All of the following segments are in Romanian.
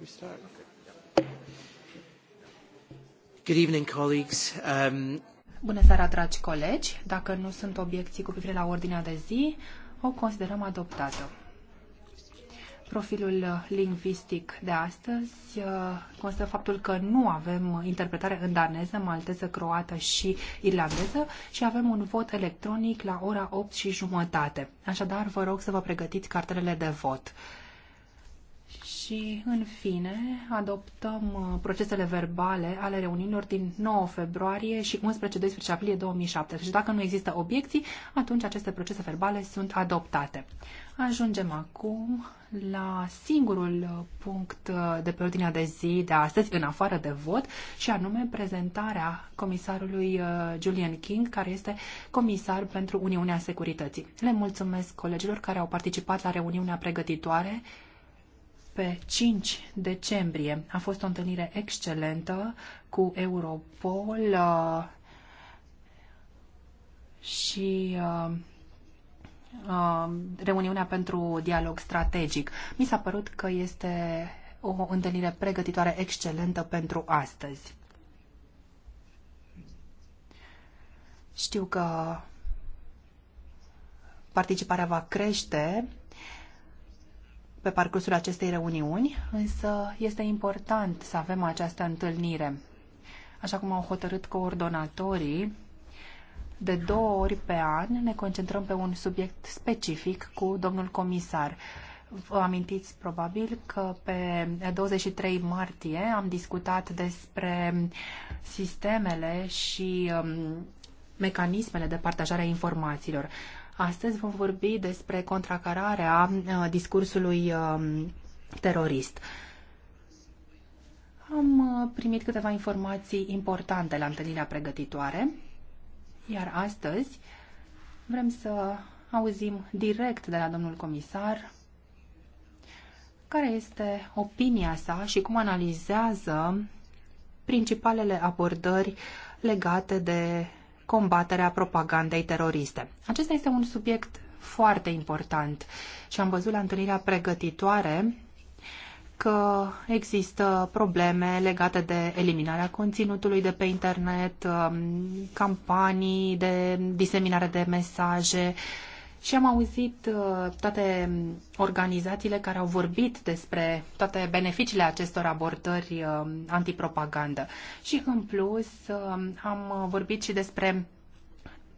We start. Good evening, colleagues. Um... Bună seara, dragi colegi. Dacă nu sunt obiecții cu privire la ordinea de zi, o considerăm adoptată. Profilul lingvistic de astăzi uh, constă faptul că nu avem interpretare în daneză, malteză, croată și irlandeză și avem un vot electronic la ora 8 și jumătate. Așadar, vă rog să vă pregătiți cartelele de vot. Și, în fine, adoptăm uh, procesele verbale ale reuniunilor din 9 februarie și 11-12 aprilie 2017. Deci, dacă nu există obiecții, atunci aceste procese verbale sunt adoptate. Ajungem acum la singurul uh, punct uh, de pe ordinea de zi de astăzi, în afară de vot, și anume prezentarea comisarului Julian King, care este comisar pentru Uniunea Securității. Le mulțumesc colegilor care au participat la reuniunea pregătitoare pe 5 decembrie. A fost o întâlnire excelentă cu Europol uh, și uh, uh, reuniunea pentru dialog strategic. Mi s-a părut că este o întâlnire pregătitoare excelentă pentru astăzi. Știu că participarea va crește pe parcursul acestei reuniuni, însă este important să avem această întâlnire. Așa cum au hotărât coordonatorii, de două ori pe an ne concentrăm pe un subiect specific cu domnul comisar. Vă amintiți probabil că pe 23 martie am discutat despre sistemele și um, mecanismele de partajare a informațiilor. Astăzi vom vorbi despre contracararea uh, discursului um, terorist. Am uh, primit câteva informații importante la întâlnirea pregătitoare, iar astăzi vrem să auzim direct de la domnul comisar care este opinia sa și cum analizează principalele abordări legate de combaterea propagandei teroriste. Acesta este un subiect foarte important și am văzut la întâlnirea pregătitoare că există probleme legate de eliminarea conținutului de pe internet, um, campanii de diseminare de mesaje, și am auzit uh, toate organizațiile care au vorbit despre toate beneficiile acestor abordări uh, antipropagandă. Și în plus um, am vorbit și despre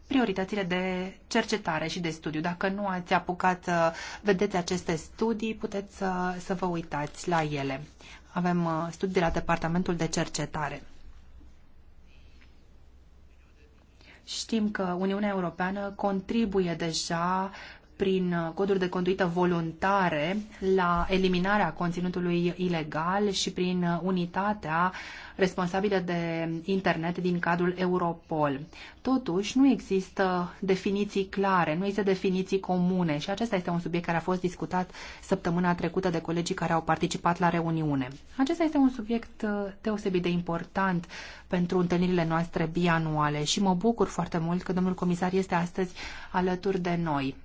prioritățile de cercetare și de studiu. Dacă nu ați apucat să vedeți aceste studii, puteți să, să vă uitați la ele. Avem uh, studii de la Departamentul de Cercetare. Știm că Uniunea Europeană contribuie deja prin uh, coduri de conduită voluntare la eliminarea conținutului ilegal și prin uh, unitatea responsabilă de internet din cadrul Europol. Totuși, nu există definiții clare, nu există definiții comune și acesta este un subiect care a fost discutat săptămâna trecută de colegii care au participat la reuniune. Acesta este un subiect uh, deosebit de important pentru întâlnirile noastre bianuale și mă bucur foarte mult că domnul comisar este astăzi alături de noi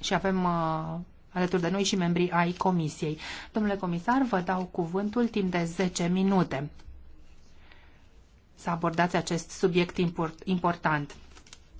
și avem uh, alături de noi și membrii ai comisiei. Domnule comisar, vă dau cuvântul timp de 10 minute să abordați acest subiect import, important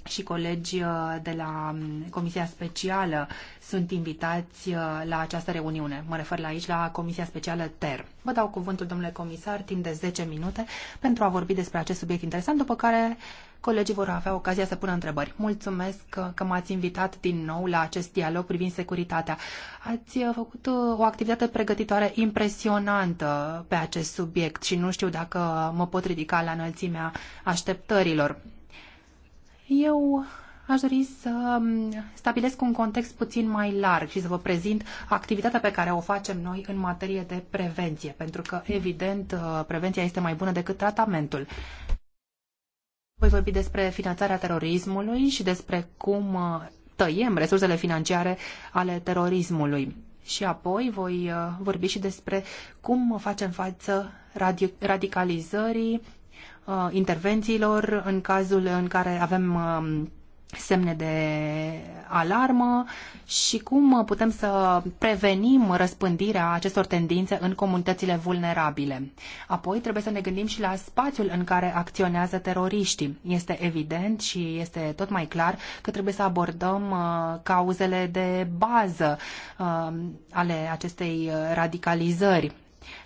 și colegi uh, de la um, Comisia Specială sunt invitați uh, la această reuniune. Mă refer la aici la Comisia Specială TER. Vă dau cuvântul, domnule comisar, timp de 10 minute pentru a vorbi despre acest subiect interesant, după care colegii vor avea ocazia să pună întrebări. Mulțumesc că m-ați invitat din nou la acest dialog privind securitatea. Ați uh, făcut o activitate pregătitoare impresionantă pe acest subiect și nu știu dacă mă pot ridica la înălțimea așteptărilor. Eu aș dori să mm, stabilesc un context puțin mai larg și să vă prezint activitatea pe care o facem noi în materie de prevenție, pentru că, evident, uh, prevenția este mai bună decât tratamentul. Voi vorbi despre finanțarea terorismului și despre cum uh, tăiem resursele financiare ale terorismului. Și apoi voi uh, vorbi și despre cum facem față radicalizării Uh, intervențiilor în cazul în care avem uh, semne de alarmă și cum uh, putem să prevenim răspândirea acestor tendințe în comunitățile vulnerabile. Apoi trebuie să ne gândim și la spațiul în care acționează teroriștii. Este evident și este tot mai clar că trebuie să abordăm cauzele de bază ale acestei radicalizări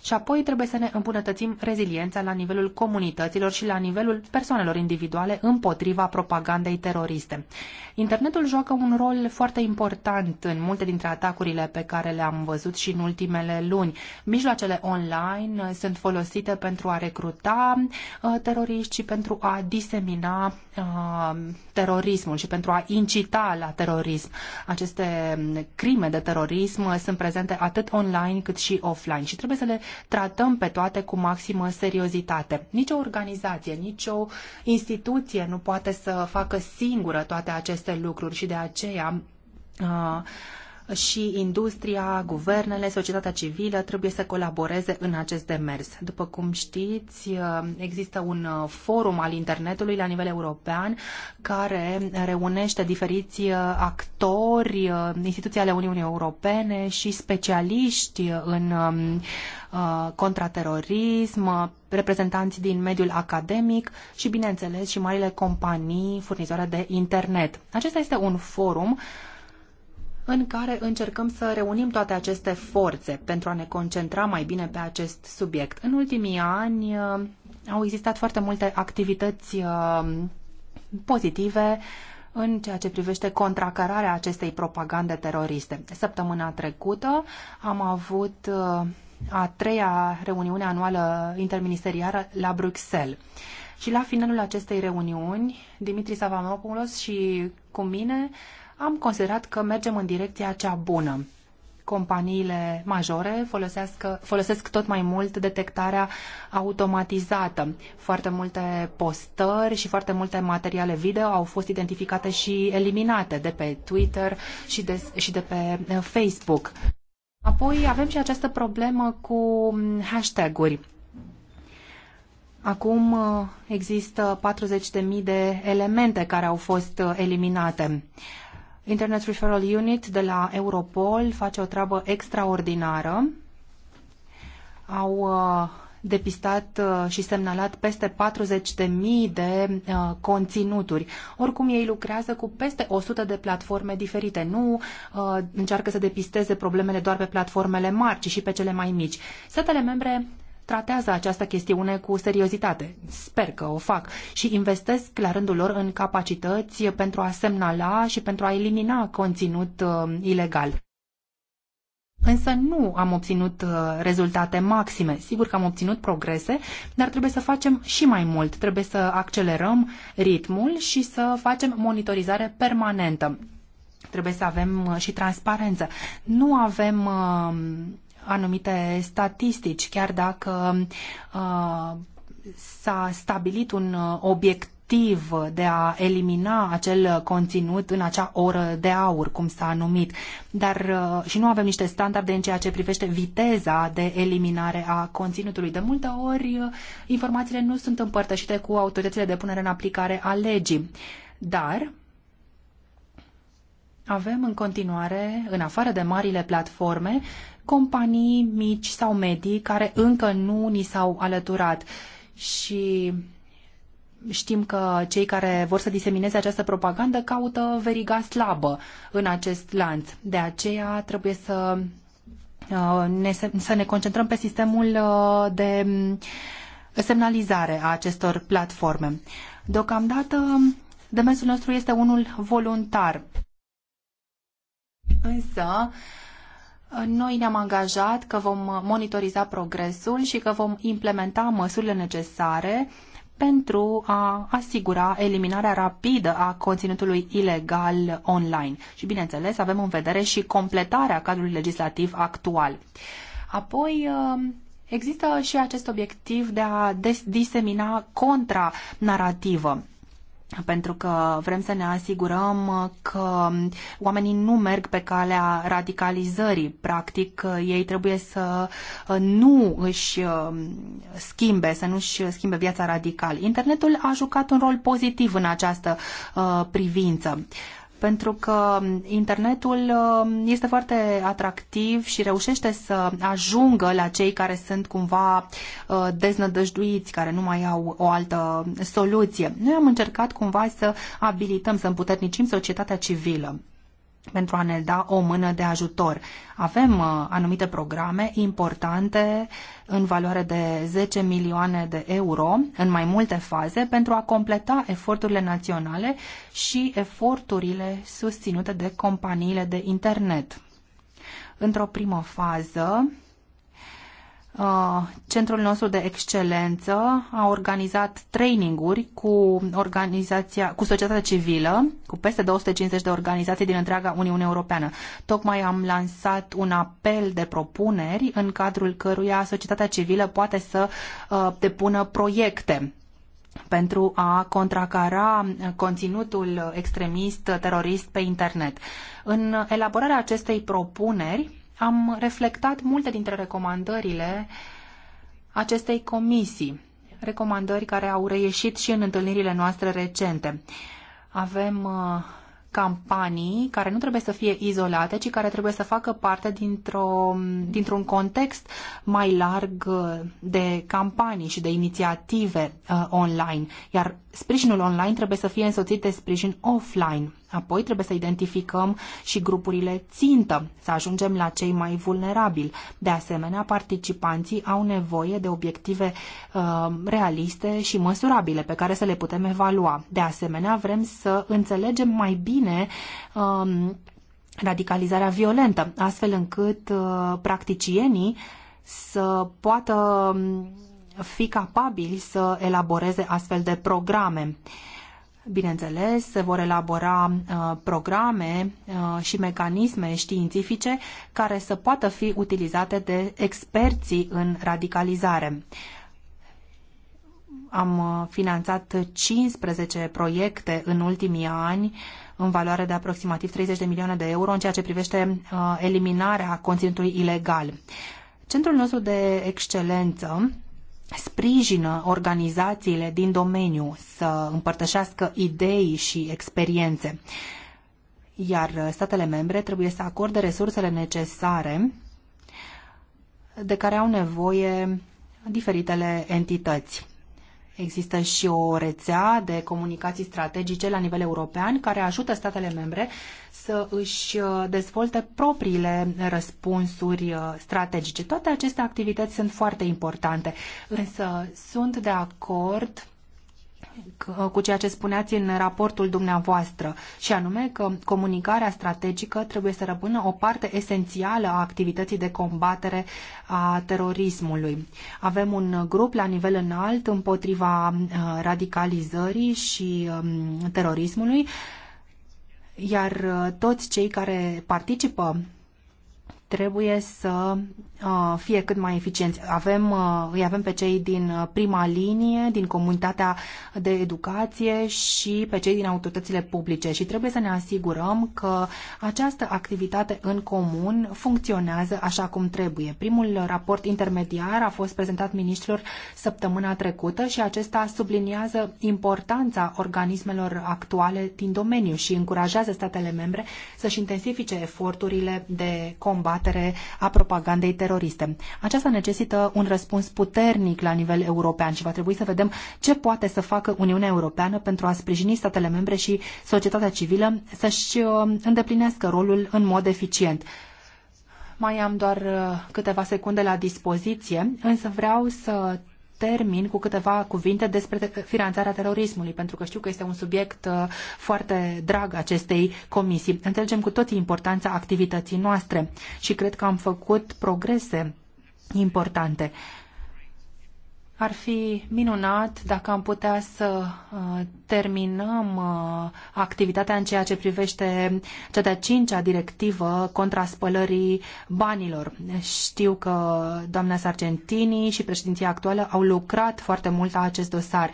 și apoi trebuie să ne îmbunătățim reziliența la nivelul comunităților și la nivelul persoanelor individuale împotriva propagandei teroriste. Internetul joacă un rol foarte important în multe dintre atacurile pe care le-am văzut și în ultimele luni. Mijloacele online sunt folosite pentru a recruta uh, teroriști și pentru a disemina uh, terorismul și pentru a incita la terorism. Aceste crime de terorism sunt prezente atât online cât și offline și trebuie să le le tratăm pe toate cu maximă seriozitate. Nici o organizație, nici o instituție nu poate să facă singură toate aceste lucruri și de aceea uh, și industria, guvernele, societatea civilă trebuie să colaboreze în acest demers. După cum știți, există un forum al internetului la nivel european care reunește diferiți actori, instituții ale Uniunii Europene și specialiști în uh, contraterorism, reprezentanți din mediul academic și, bineînțeles, și marile companii furnizoare de internet. Acesta este un forum uh, în care încercăm să reunim toate aceste forțe pentru a ne concentra mai bine pe acest subiect. În ultimii ani uh, au existat foarte multe activități uh, pozitive în ceea ce privește contracararea acestei propagande teroriste. Săptămâna trecută am avut uh, a treia reuniune anuală interministerială la Bruxelles. Și la finalul acestei reuniuni, Dimitri Savamopoulos și cu mine am considerat că mergem în direcția cea bună. Companiile majore folosesc tot mai mult detectarea automatizată. Foarte multe postări și foarte multe materiale video au fost identificate și eliminate de pe Twitter și de, și de pe eh, Facebook. Apoi avem și această problemă cu mm, hashtag-uri. Acum eh, există 40.000 de elemente care au fost eh, eliminate. Internet Referral Unit de la Europol face o treabă extraordinară. Au uh, depistat uh, și semnalat peste 40.000 de uh, de conținuturi. Oricum, ei lucrează cu peste 100 de platforme diferite. Nu uh, încearcă să depisteze problemele doar pe platformele mari, ci și pe cele mai mici. Statele membre tratează această chestiune cu seriozitate. Sper că o fac și investesc la rândul lor în capacități pentru a semnala și pentru a elimina conținut uh, ilegal. Însă nu am obținut uh, rezultate maxime. Sigur că am obținut progrese, dar trebuie să facem și mai mult. Trebuie să accelerăm ritmul și să facem monitorizare permanentă. Trebuie să avem uh, și transparență. Nu avem uh, anumite statistici, chiar dacă uh, s-a stabilit un uh, obiectiv de a elimina acel conținut în acea oră de aur, cum s-a numit. Dar uh, și nu avem niște standarde în ceea ce privește viteza de eliminare a conținutului. De multe ori uh, informațiile nu sunt împărtășite cu autoritățile de punere în aplicare a legii. Dar avem în continuare, în afară de marile platforme, companii mici sau medii care încă nu ni s-au alăturat. Și știm că cei care vor să disemineze această propagandă caută veriga slabă în acest lanț. De aceea trebuie să uh, ne, să ne concentrăm pe sistemul uh, de mm, semnalizare a acestor platforme. Deocamdată, demersul nostru este unul voluntar. Însă, noi ne-am angajat că vom monitoriza progresul și că vom implementa măsurile necesare pentru a asigura eliminarea rapidă a conținutului ilegal online. Și, bineînțeles, avem în vedere și completarea cadrului legislativ actual. Apoi, um, Există și acest obiectiv de a disemina contra-narativă pentru că vrem să ne asigurăm că oamenii nu merg pe calea radicalizării. Practic, ei trebuie să nu își um, schimbe, să nu își schimbe viața radical. Internetul a jucat un rol pozitiv în această uh, privință pentru că internetul um, este foarte atractiv și reușește să ajungă la cei care sunt cumva uh, deznădăjduiți, care nu mai au o altă soluție. Noi am încercat cumva să abilităm, să împuternicim societatea civilă pentru a ne da o mână de ajutor. Avem uh, anumite programe importante în valoare de 10 milioane de euro în mai multe faze pentru a completa eforturile naționale și eforturile susținute de companiile de internet. Într-o primă fază, Uh, centrul nostru de excelență a organizat traininguri cu, organizația, cu societatea civilă, cu peste 250 de organizații din întreaga Uniune Europeană. Tocmai am lansat un apel de propuneri în cadrul căruia societatea civilă poate să uh, depună proiecte pentru a contracara conținutul extremist terorist pe internet. În elaborarea acestei propuneri, am reflectat multe dintre recomandările acestei comisii, recomandări care au reieșit și în întâlnirile noastre recente. Avem uh, campanii care nu trebuie să fie izolate, ci care trebuie să facă parte dintr-o, dintr-un context mai larg uh, de campanii și de inițiative uh, online. Iar Sprijinul online trebuie să fie însoțit de sprijin offline. Apoi trebuie să identificăm și grupurile țintă, să ajungem la cei mai vulnerabili. De asemenea, participanții au nevoie de obiective uh, realiste și măsurabile pe care să le putem evalua. De asemenea, vrem să înțelegem mai bine uh, radicalizarea violentă, astfel încât uh, practicienii să poată um, fi capabili să elaboreze astfel de programe. Bineînțeles, se vor elabora uh, programe uh, și mecanisme științifice care să poată fi utilizate de experții în radicalizare. Am uh, finanțat 15 proiecte în ultimii ani în valoare de aproximativ 30 de milioane de euro în ceea ce privește eliminarea conținutului ilegal. Centrul nostru de excelență sprijină organizațiile din domeniu să împărtășească idei și experiențe, iar statele membre trebuie să acorde resursele necesare de care au nevoie diferitele entități. Există și o rețea de comunicații strategice la nivel european care ajută statele membre să își uh, dezvolte propriile răspunsuri uh, strategice. Toate aceste activități sunt foarte importante, însă sunt de acord cu ceea ce spuneați în raportul dumneavoastră, și anume că comunicarea strategică trebuie să rămână o parte esențială a activității de combatere a terorismului. Avem un grup la nivel înalt împotriva uh, radicalizării și um, terorismului, iar uh, toți cei care participă trebuie să uh, fie cât mai eficienți. Avem, uh, îi avem pe cei din uh, prima linie, din comunitatea de educație și pe cei din autoritățile publice și trebuie să ne asigurăm că această activitate în comun funcționează așa cum trebuie. Primul raport intermediar a fost prezentat ministrilor săptămâna trecută și acesta subliniază importanța organismelor actuale din domeniu și încurajează statele membre să-și intensifice eforturile de combat combatere a propagandei teroriste. Aceasta necesită un răspuns puternic la nivel european și va trebui să vedem ce poate să facă Uniunea Europeană pentru a sprijini statele membre și societatea civilă să-și uh, îndeplinească rolul în mod eficient. Mai am doar uh, câteva secunde la dispoziție, însă vreau să termin cu câteva cuvinte despre finanțarea terorismului, pentru că știu că este un subiect uh, foarte drag acestei comisii. Înțelegem cu toții importanța activității noastre și cred că am făcut progrese importante. Ar fi minunat dacă am putea să uh, terminăm uh, activitatea în ceea ce privește cea de-a cincea directivă contra spălării banilor. Știu că doamna Sargentini și președinția actuală au lucrat foarte mult la acest dosar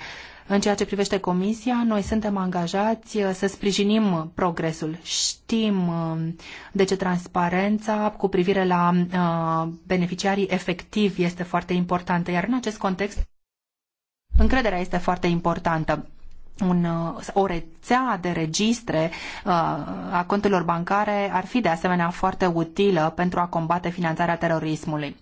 în ceea ce privește Comisia, noi suntem angajați uh, să sprijinim progresul. Știm uh, de ce transparența cu privire la uh, beneficiarii efectivi este foarte importantă, iar în acest context încrederea este foarte importantă un, o rețea de registre uh, a conturilor bancare ar fi de asemenea foarte utilă pentru a combate finanțarea terorismului.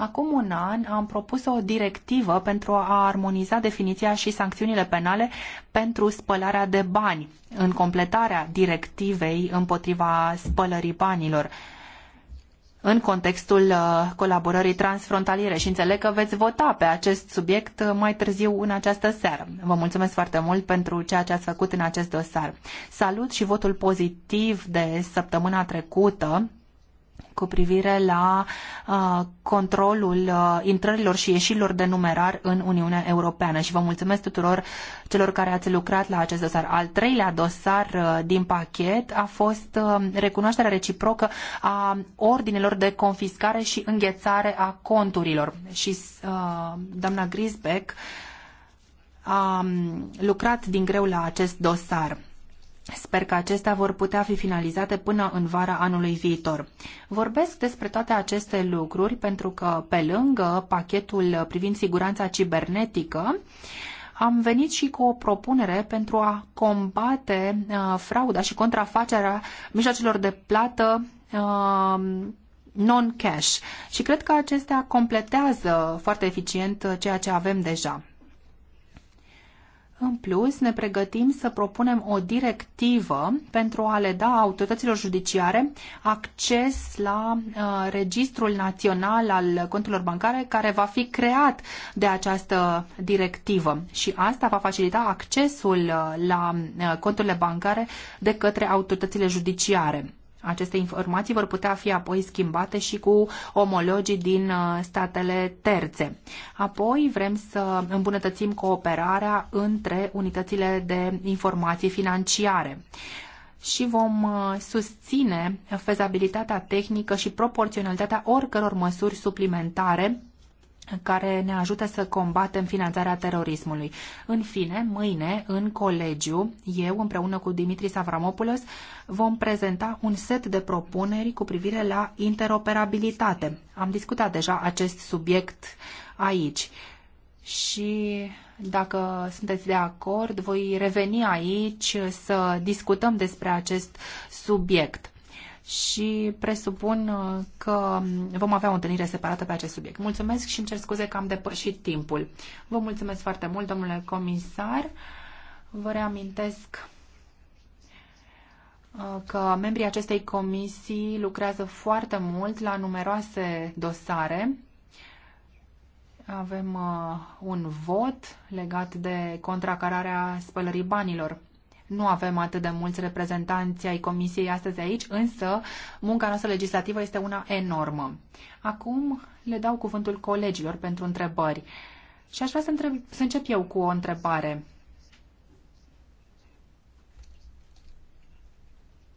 Acum un an am propus o directivă pentru a armoniza definiția și sancțiunile penale pentru spălarea de bani, în completarea directivei împotriva spălării banilor în contextul uh, colaborării transfrontaliere și înțeleg că veți vota pe acest subiect uh, mai târziu în această seară. Vă mulțumesc foarte mult pentru ceea ce ați făcut în acest dosar. Salut și votul pozitiv de săptămâna trecută cu privire la uh, controlul uh, intrărilor și ieșirilor de numerar în Uniunea Europeană și vă mulțumesc tuturor celor care ați lucrat la acest dosar. Al treilea dosar uh, din pachet a fost uh, recunoașterea reciprocă a ordinelor de confiscare și înghețare a conturilor și uh, doamna Grisbeck a um, lucrat din greu la acest dosar Sper că acestea vor putea fi finalizate până în vara anului viitor. Vorbesc despre toate aceste lucruri pentru că, pe lângă pachetul privind siguranța cibernetică, am venit și cu o propunere pentru a combate uh, frauda și contrafacerea mijloacelor de plată uh, non-cash. Și cred că acestea completează foarte eficient uh, ceea ce avem deja. În plus, ne pregătim să propunem o directivă pentru a le da autorităților judiciare acces la uh, Registrul Național al Conturilor Bancare care va fi creat de această directivă și asta va facilita accesul uh, la uh, conturile bancare de către autoritățile judiciare. Aceste informații vor putea fi apoi schimbate și cu omologii din uh, statele terțe. Apoi vrem să îmbunătățim cooperarea între unitățile de informații financiare și vom uh, susține fezabilitatea tehnică și proporționalitatea oricăror măsuri suplimentare care ne ajută să combatem finanțarea terorismului. În fine, mâine, în colegiu, eu împreună cu Dimitris Avramopoulos vom prezenta un set de propuneri cu privire la interoperabilitate. Am discutat deja acest subiect aici și dacă sunteți de acord, voi reveni aici să discutăm despre acest subiect și presupun uh, că vom avea o întâlnire separată pe acest subiect. Mulțumesc și îmi cer scuze că am depășit timpul. Vă mulțumesc foarte mult, domnule comisar. Vă reamintesc uh, că membrii acestei comisii lucrează foarte mult la numeroase dosare. Avem uh, un vot legat de contracararea spălării banilor. Nu avem atât de mulți reprezentanți ai Comisiei astăzi aici, însă munca noastră legislativă este una enormă. Acum le dau cuvântul colegilor pentru întrebări. Și aș vrea să, întreb, să încep eu cu o întrebare.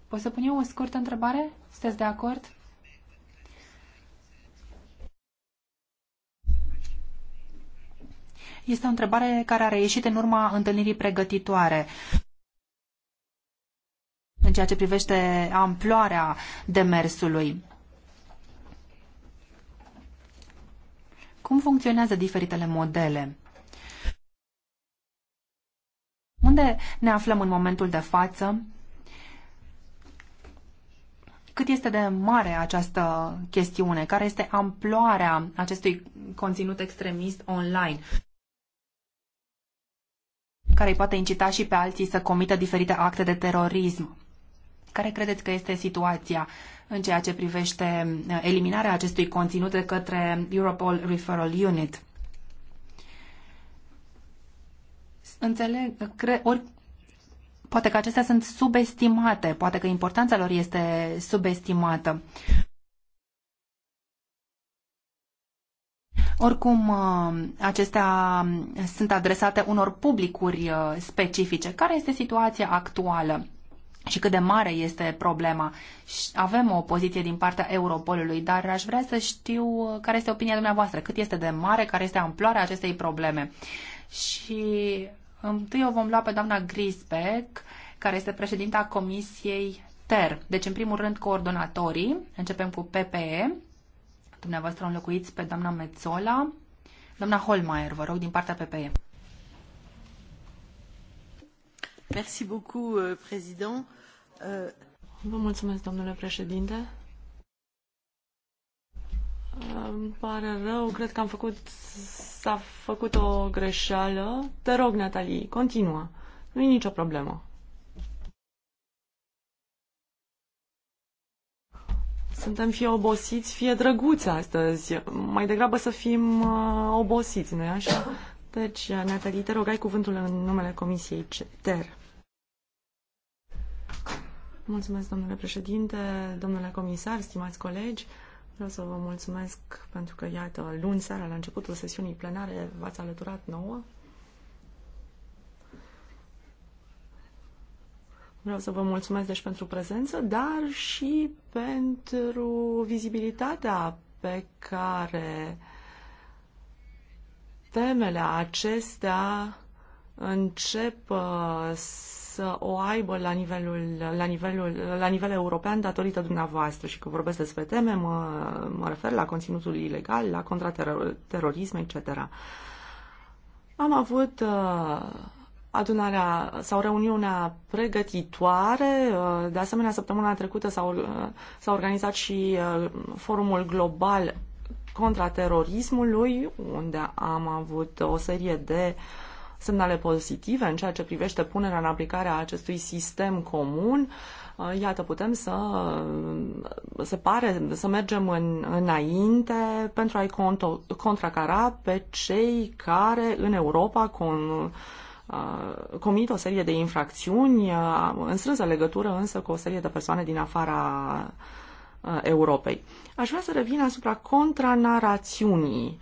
Pot să pun eu o scurtă întrebare? Sunteți de acord? Este o întrebare care a reieșit în urma întâlnirii pregătitoare în ceea ce privește amploarea demersului. Cum funcționează diferitele modele? Unde ne aflăm în momentul de față? Cât este de mare această chestiune? Care este amploarea acestui conținut extremist online? care îi poate incita și pe alții să comită diferite acte de terorism. Care credeți că este situația în ceea ce privește uh, eliminarea acestui conținut de către Europol Referral Unit? Înțeleg, cre, ori, poate că acestea sunt subestimate, poate că importanța lor este subestimată. Oricum, uh, acestea sunt adresate unor publicuri uh, specifice. Care este situația actuală? și cât de mare este problema. Avem o poziție din partea Europolului, dar aș vrea să știu uh, care este opinia dumneavoastră, cât este de mare, care este amploarea acestei probleme. Și uh, întâi o vom lua pe doamna Grisbeck, care este președinta Comisiei TER. Deci, în primul rând, coordonatorii. Începem cu PPE. Dumneavoastră înlocuiți pe doamna Mețola. Doamna Holmeier, vă rog, din partea PPE. Merci beaucoup, euh, président. Euh, Vă mulțumesc, domnule președinte. Îmi pare rău, cred că am făcut, s-a făcut o greșeală. Te rog, Natalie, continuă. Nu e nicio problemă. Suntem fie obosiți, fie drăguți astăzi. Mai degrabă să fim uh, obosiți, nu-i așa? Deci, Natalie, te rog, ai cuvântul în numele Comisiei CETER. Mulțumesc, domnule președinte, domnule comisar, stimați colegi. Vreau să vă mulțumesc pentru că, iată, luni seara, la începutul sesiunii plenare, v-ați alăturat nouă. Vreau să vă mulțumesc deci pentru prezență, dar și pentru vizibilitatea pe care temele acestea încep uh, să o aibă la nivelul, la nivelul, la nivel european datorită dumneavoastră și că vorbesc despre teme, mă, mă refer la conținutul ilegal, la contraterorism, etc. Am avut uh, adunarea sau reuniunea pregătitoare. Uh, de asemenea, săptămâna trecută uh, s-a organizat și uh, forumul global contra terorismului, unde am avut o serie de uh, semnale pozitive în ceea ce privește punerea în aplicare a acestui sistem comun. Uh, iată, putem să se pare să mergem în, înainte pentru a-i contracara pe cei care în Europa con, uh, comit o serie de infracțiuni uh, în strânsă legătură însă cu o serie de persoane din afara Europei. Aș vrea să revin asupra contranarațiunii.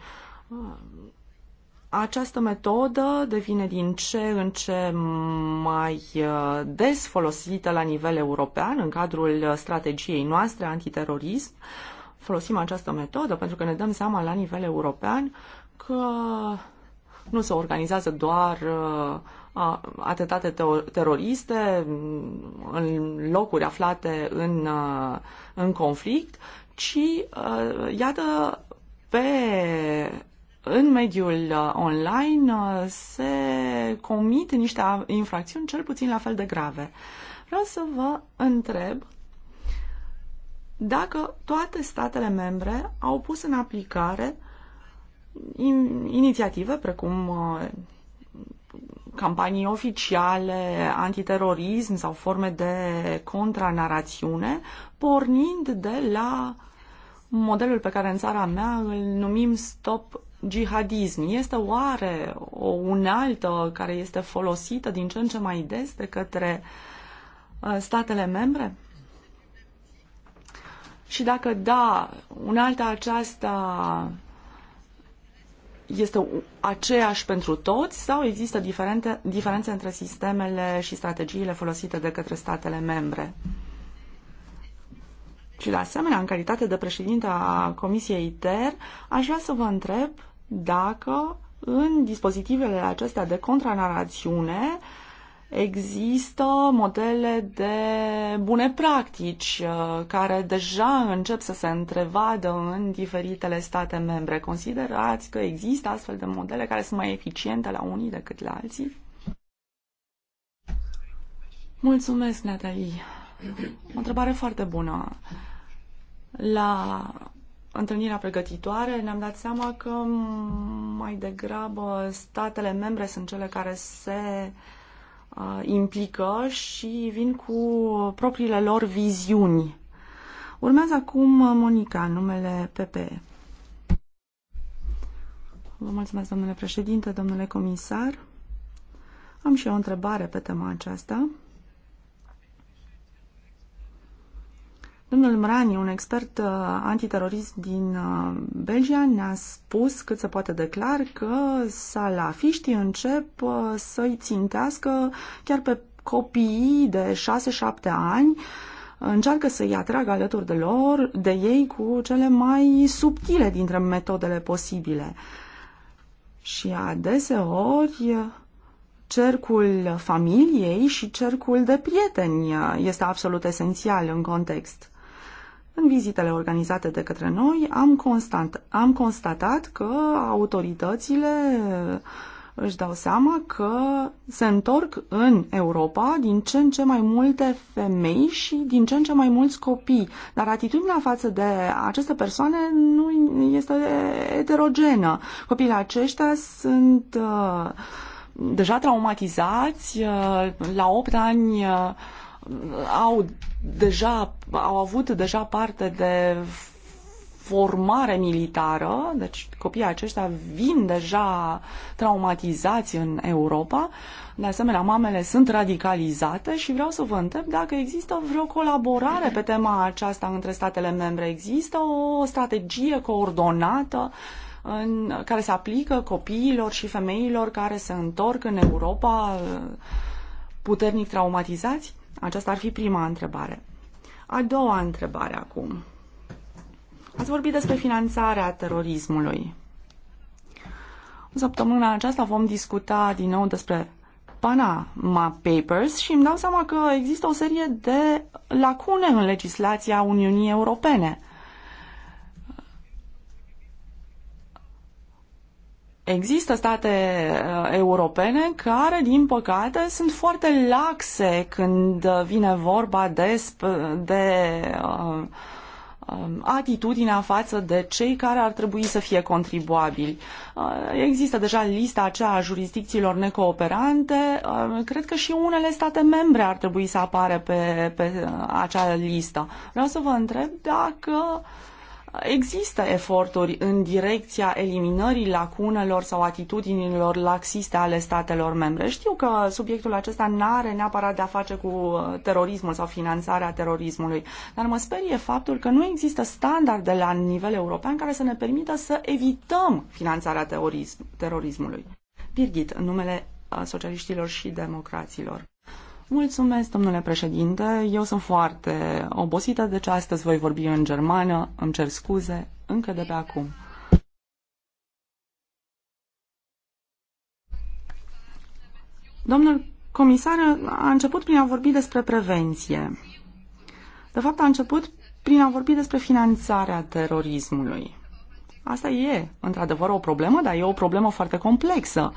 Această metodă devine din ce în ce mai uh, des folosită la nivel european în cadrul strategiei noastre antiterorism. Folosim această metodă pentru că ne dăm seama la nivel european că nu se organizează doar uh, atentate teroriste în locuri aflate în, uh, în conflict, ci, iată, pe în mediul uh, online uh, se comit niște infracțiuni cel puțin la fel de grave. Vreau să vă întreb dacă toate statele membre au pus în aplicare inițiative precum uh, campanii oficiale, antiterorism sau forme de contranarațiune, pornind de la modelul pe care în țara mea îl numim Stop jihadism este oare o unealtă care este folosită din ce în ce mai des de către uh, statele membre? Și dacă da, unealta aceasta este aceeași pentru toți sau există diferente, diferențe între sistemele și strategiile folosite de către statele membre? Și de asemenea, în calitate de președinte a Comisiei ITER, aș vrea să vă întreb dacă în dispozitivele acestea de contranarațiune există modele de bune practici uh, care deja încep să se întrevadă în diferitele state membre. Considerați că există astfel de modele care sunt mai eficiente la unii decât la alții? Mulțumesc, Natalie. O întrebare foarte bună. La întâlnirea pregătitoare ne-am dat seama că mai degrabă statele membre sunt cele care se uh, implică și vin cu propriile lor viziuni. Urmează acum Monica, numele PPE. Vă mulțumesc, domnule președinte, domnule comisar. Am și eu o întrebare pe tema aceasta. Domnul Mrani, un expert uh, antiterorist din uh, Belgia, ne-a spus cât se poate declar că salafiștii încep uh, să-i țintească chiar pe copiii de 6-7 ani încearcă să-i atragă alături de lor, de ei, cu cele mai subtile dintre metodele posibile. Și adeseori cercul familiei și cercul de prieteni este absolut esențial în context. În vizitele organizate de către noi am, constat, am constatat că autoritățile își dau seama că se întorc în Europa din ce în ce mai multe femei și din ce în ce mai mulți copii. Dar atitudinea față de aceste persoane nu este heterogenă. Copiii aceștia sunt uh, deja traumatizați. Uh, la 8 ani uh, au deja, au avut deja parte de formare militară, deci copiii aceștia vin deja traumatizați în Europa. De asemenea, mamele sunt radicalizate și vreau să vă întreb dacă există vreo colaborare pe tema aceasta între statele membre. Există o strategie coordonată în, care se aplică copiilor și femeilor care se întorc în Europa uh, puternic traumatizați? Aceasta ar fi prima întrebare. A doua întrebare acum. Ați vorbit despre finanțarea terorismului. În săptămâna aceasta vom discuta din nou despre Panama Papers și îmi dau seama că există o serie de lacune în legislația Uniunii Europene. Există state uh, europene care, din păcate, sunt foarte laxe când uh, vine vorba de, de uh, um, atitudinea față de cei care ar trebui să fie contribuabili. Uh, există deja lista aceea a jurisdicțiilor necooperante. Cred că și unele state membre ar trebui să apare pe, pe acea listă. Vreau să vă întreb dacă uh, Există eforturi în direcția eliminării lacunelor sau atitudinilor laxiste ale statelor membre. Știu că subiectul acesta nu are neapărat de a face cu uh, terorismul sau finanțarea terorismului, dar mă sperie faptul că nu există standarde la nivel european care să ne permită să evităm finanțarea terorism, terorismului. Birgit, în numele uh, socialiștilor și democraților. Mulțumesc, domnule președinte. Eu sunt foarte obosită, deci astăzi voi vorbi în germană. Îmi cer scuze încă de pe acum. Domnul comisar a început prin a vorbi despre prevenție. De fapt, a început prin a vorbi despre finanțarea terorismului. Asta e, într-adevăr, o problemă, dar e o problemă foarte complexă.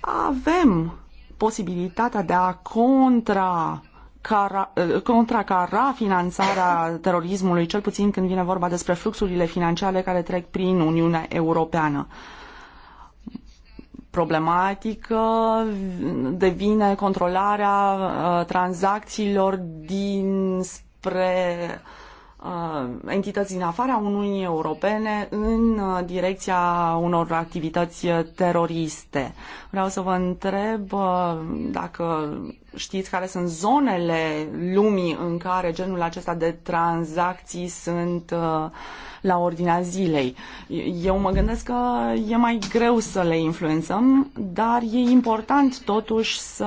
Avem posibilitatea de a contra cara, eh, contracara finanțarea terorismului, cel puțin când vine vorba despre fluxurile financiare care trec prin Uniunea Europeană. Problematică devine controlarea uh, tranzacțiilor dinspre uh, Uh, entități din afara Uniunii Europene în uh, direcția unor activități teroriste. Vreau să vă întreb uh, dacă știți care sunt zonele lumii în care genul acesta de tranzacții sunt uh, la ordinea zilei. Eu mă gândesc că e mai greu să le influențăm, dar e important totuși să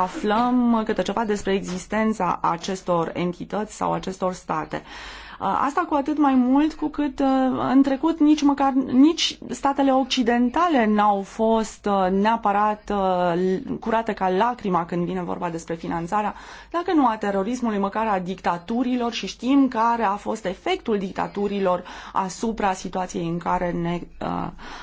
aflăm câte ceva despre existența acestor entități sau acestor state. Uh, asta cu atât mai mult cu cât uh, în trecut nici măcar nici statele occidentale n-au fost uh, neapărat curate ca lacrima când vine vorba despre finanțarea, dacă nu a terorismului, măcar a dictaturilor și știm care a fost efectul dictaturilor asupra situației în care ne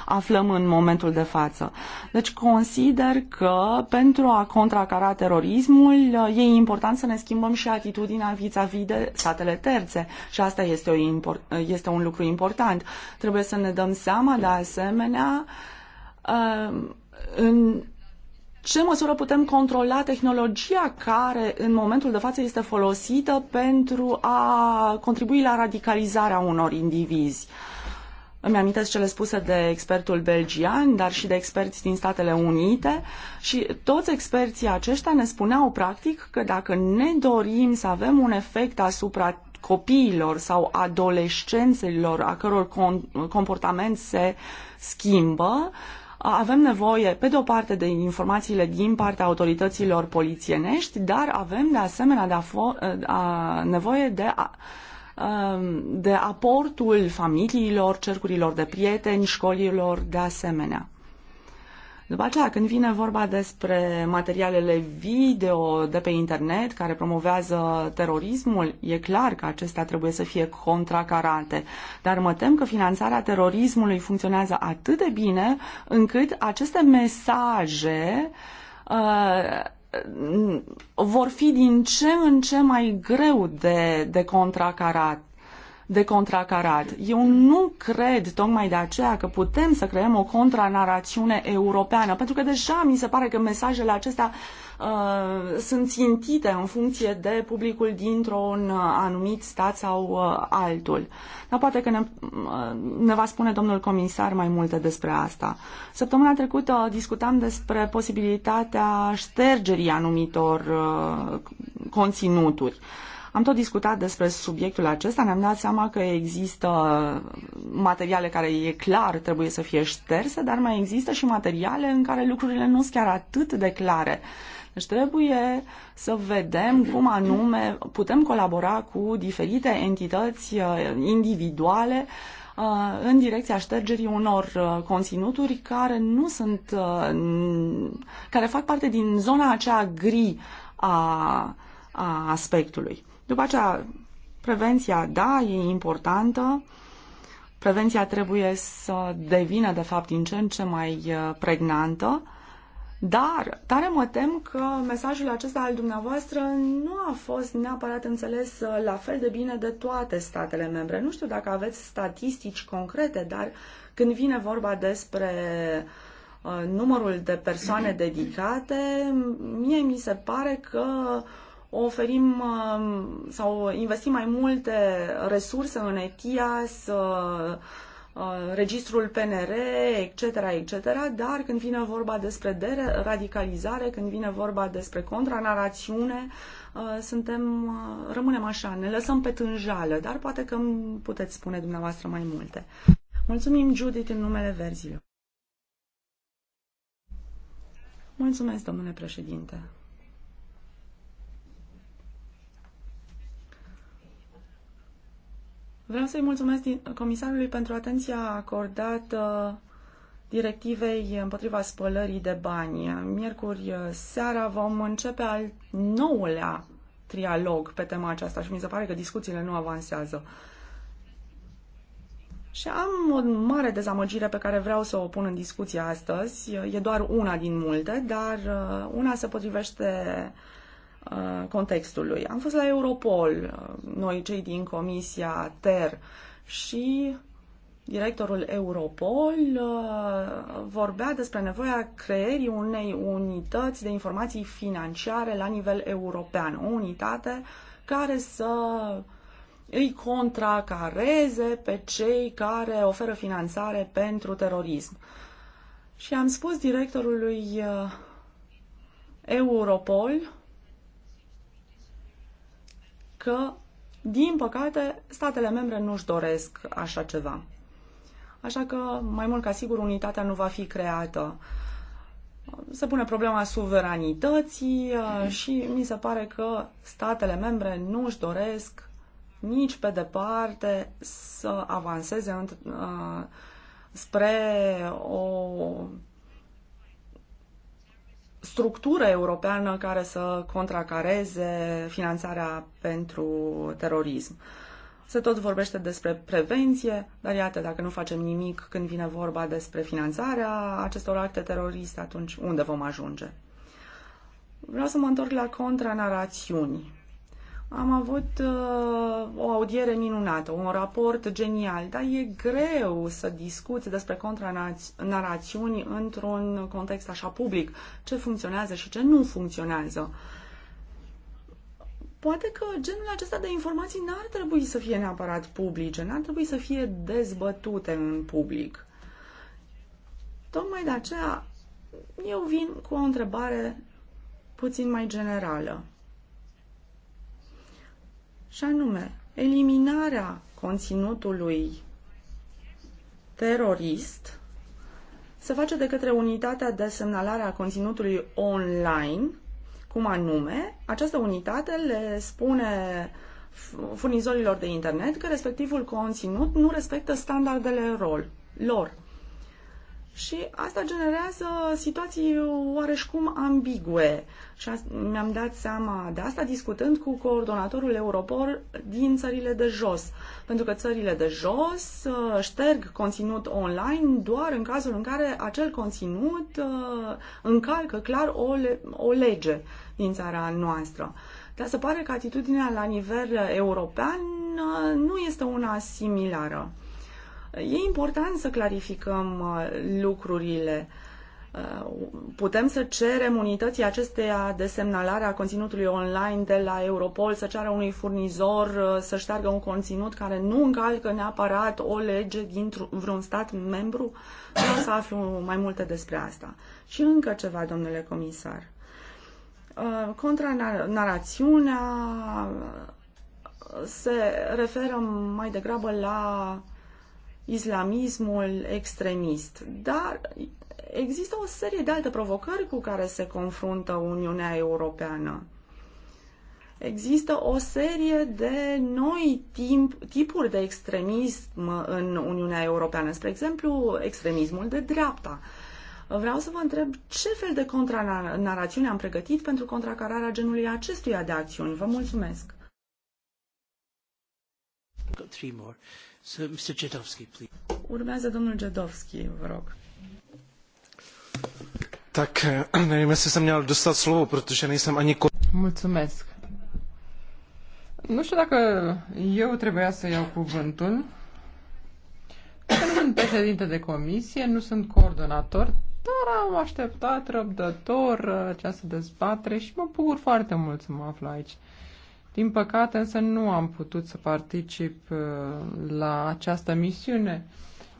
aflăm în momentul de față. Deci consider că pentru a contracara terorismul e important să ne schimbăm și atitudinea vis-a-vis de statele terțe și asta este, o import, este un lucru important. Trebuie să ne dăm seama, de asemenea, uh, în ce măsură putem controla tehnologia care în momentul de față este folosită pentru a contribui la radicalizarea unor indivizi. Îmi amintesc cele spuse de expertul belgian, dar și de experți din Statele Unite și toți experții aceștia ne spuneau practic că dacă ne dorim să avem un efect asupra copiilor sau adolescenților a căror comportament se schimbă, avem nevoie, pe de o parte, de informațiile din partea autorităților polițienești, dar avem de asemenea de a nevoie de a, um, de aportul familiilor, cercurilor de prieteni, școlilor de asemenea. După aceea, când vine vorba despre materialele video de pe internet care promovează terorismul, e clar că acestea trebuie să fie contracarate. Dar mă tem că finanțarea terorismului funcționează atât de bine încât aceste mesaje uh, vor fi din ce în ce mai greu de, de contracarat de contracarat. Eu nu cred tocmai de aceea că putem să creăm o contranarațiune europeană, pentru că deja mi se pare că mesajele acestea uh, sunt țintite în funcție de publicul dintr-un uh, anumit stat sau uh, altul. Dar poate că ne, uh, ne va spune domnul comisar mai multe despre asta. Săptămâna trecută discutam despre posibilitatea ștergerii anumitor uh, conținuturi. Uh, am tot discutat despre subiectul acesta, ne-am dat seama că există materiale care e clar, trebuie să fie șterse, dar mai există și materiale în care lucrurile nu sunt chiar atât de clare. Deci trebuie să vedem cum anume putem colabora cu diferite entități uh, individuale uh, în direcția ștergerii unor uh, conținuturi care nu sunt, care fac parte din zona aceea gri a, a aspectului. După aceea, prevenția, da, e importantă. Prevenția trebuie să devină, de fapt, din ce în ce mai uh, pregnantă. Dar tare mă tem că mesajul acesta al dumneavoastră nu a fost neapărat înțeles uh, la fel de bine de toate statele membre. Nu știu dacă aveți statistici concrete, dar când vine vorba despre uh, numărul de persoane dedicate, mie mi se pare că uh, oferim um, sau investim mai multe resurse în ETIAS, uh, registrul PNR, etc., etc., dar când vine vorba despre deradicalizare, când vine vorba despre contranarațiune, uh, suntem, uh, rămânem așa, ne lăsăm pe tânjală, dar poate că îmi puteți spune dumneavoastră mai multe. Mulțumim, Judith, în numele verzilor. Mulțumesc, domnule președinte. Vreau să-i mulțumesc comisarului pentru atenția acordată directivei împotriva spălării de bani. Miercuri seara vom începe al nouălea trialog pe tema aceasta și mi se pare că discuțiile nu avansează. Și am o mare dezamăgire pe care vreau să o pun în discuție astăzi. E doar una din multe, dar uh, una se potrivește Uh, contextului. Am fost la Europol, uh, noi cei din Comisia TER și directorul Europol uh, vorbea despre nevoia creierii unei unități de informații financiare la nivel european, o unitate care să îi contracareze pe cei care oferă finanțare pentru terorism. Și am spus directorului Europol că, din păcate, statele membre nu-și doresc așa ceva. Așa că, mai mult ca sigur, unitatea nu va fi creată. Se pune problema suveranității uh, și mi se pare că statele membre nu își doresc nici pe departe să avanseze în, uh, spre o structură europeană care să contracareze finanțarea pentru terorism. Se tot vorbește despre prevenție, dar iată, dacă nu facem nimic când vine vorba despre finanțarea acestor acte teroriste, atunci unde vom ajunge? Vreau să mă întorc la contranarațiuni. Am avut uh, o audiere minunată, un raport genial, dar e greu să discuți despre contranarațiuni într-un context așa public, ce funcționează și ce nu funcționează. Poate că genul acesta de informații n-ar trebui să fie neapărat publice, n-ar trebui să fie dezbătute în public. Tocmai de aceea eu vin cu o întrebare puțin mai generală și anume eliminarea conținutului terorist se face de către unitatea de semnalare a conținutului online, cum anume, această unitate le spune furnizorilor de internet că respectivul conținut nu respectă standardele rol, lor. Și asta generează situații oareșcum ambigue. Și mi-am dat seama de asta discutând cu coordonatorul Europol din țările de jos. Pentru că țările de jos uh, șterg conținut online doar în cazul în care acel conținut uh, încalcă clar o, le- o lege din țara noastră. Dar se pare că atitudinea la nivel european uh, nu este una similară. E important să clarificăm uh, lucrurile. Uh, putem să cerem unității acesteia de semnalare a conținutului online de la Europol, să ceară unui furnizor uh, să șteargă un conținut care nu încalcă neapărat o lege dintr-un stat membru? Vreau să aflu mai multe despre asta. Și încă ceva, domnule comisar. Contranarațiunea se referă mai degrabă la islamismul extremist, dar există o serie de alte provocări cu care se confruntă Uniunea Europeană. Există o serie de noi timp, tipuri de extremism în Uniunea Europeană, spre exemplu, extremismul de dreapta. Vreau să vă întreb ce fel de contranarațiune am pregătit pentru contracararea genului acestuia de acțiuni. Vă mulțumesc! Got three more. Mr. please. Urmează domnul Jadovski vă rog. Tak, eh, nevím, jestli jsem měl dostat slovo, protože nejsem ani... Mulțumesc. Nu știu dacă eu trebuia să iau cuvântul. Că nu sunt președinte de comisie, nu sunt coordonator, dar am așteptat răbdător eh, această dezbatere și mă bucur foarte mult să mă aflu aici. Din păcate, însă, nu am putut să particip uh, la această misiune.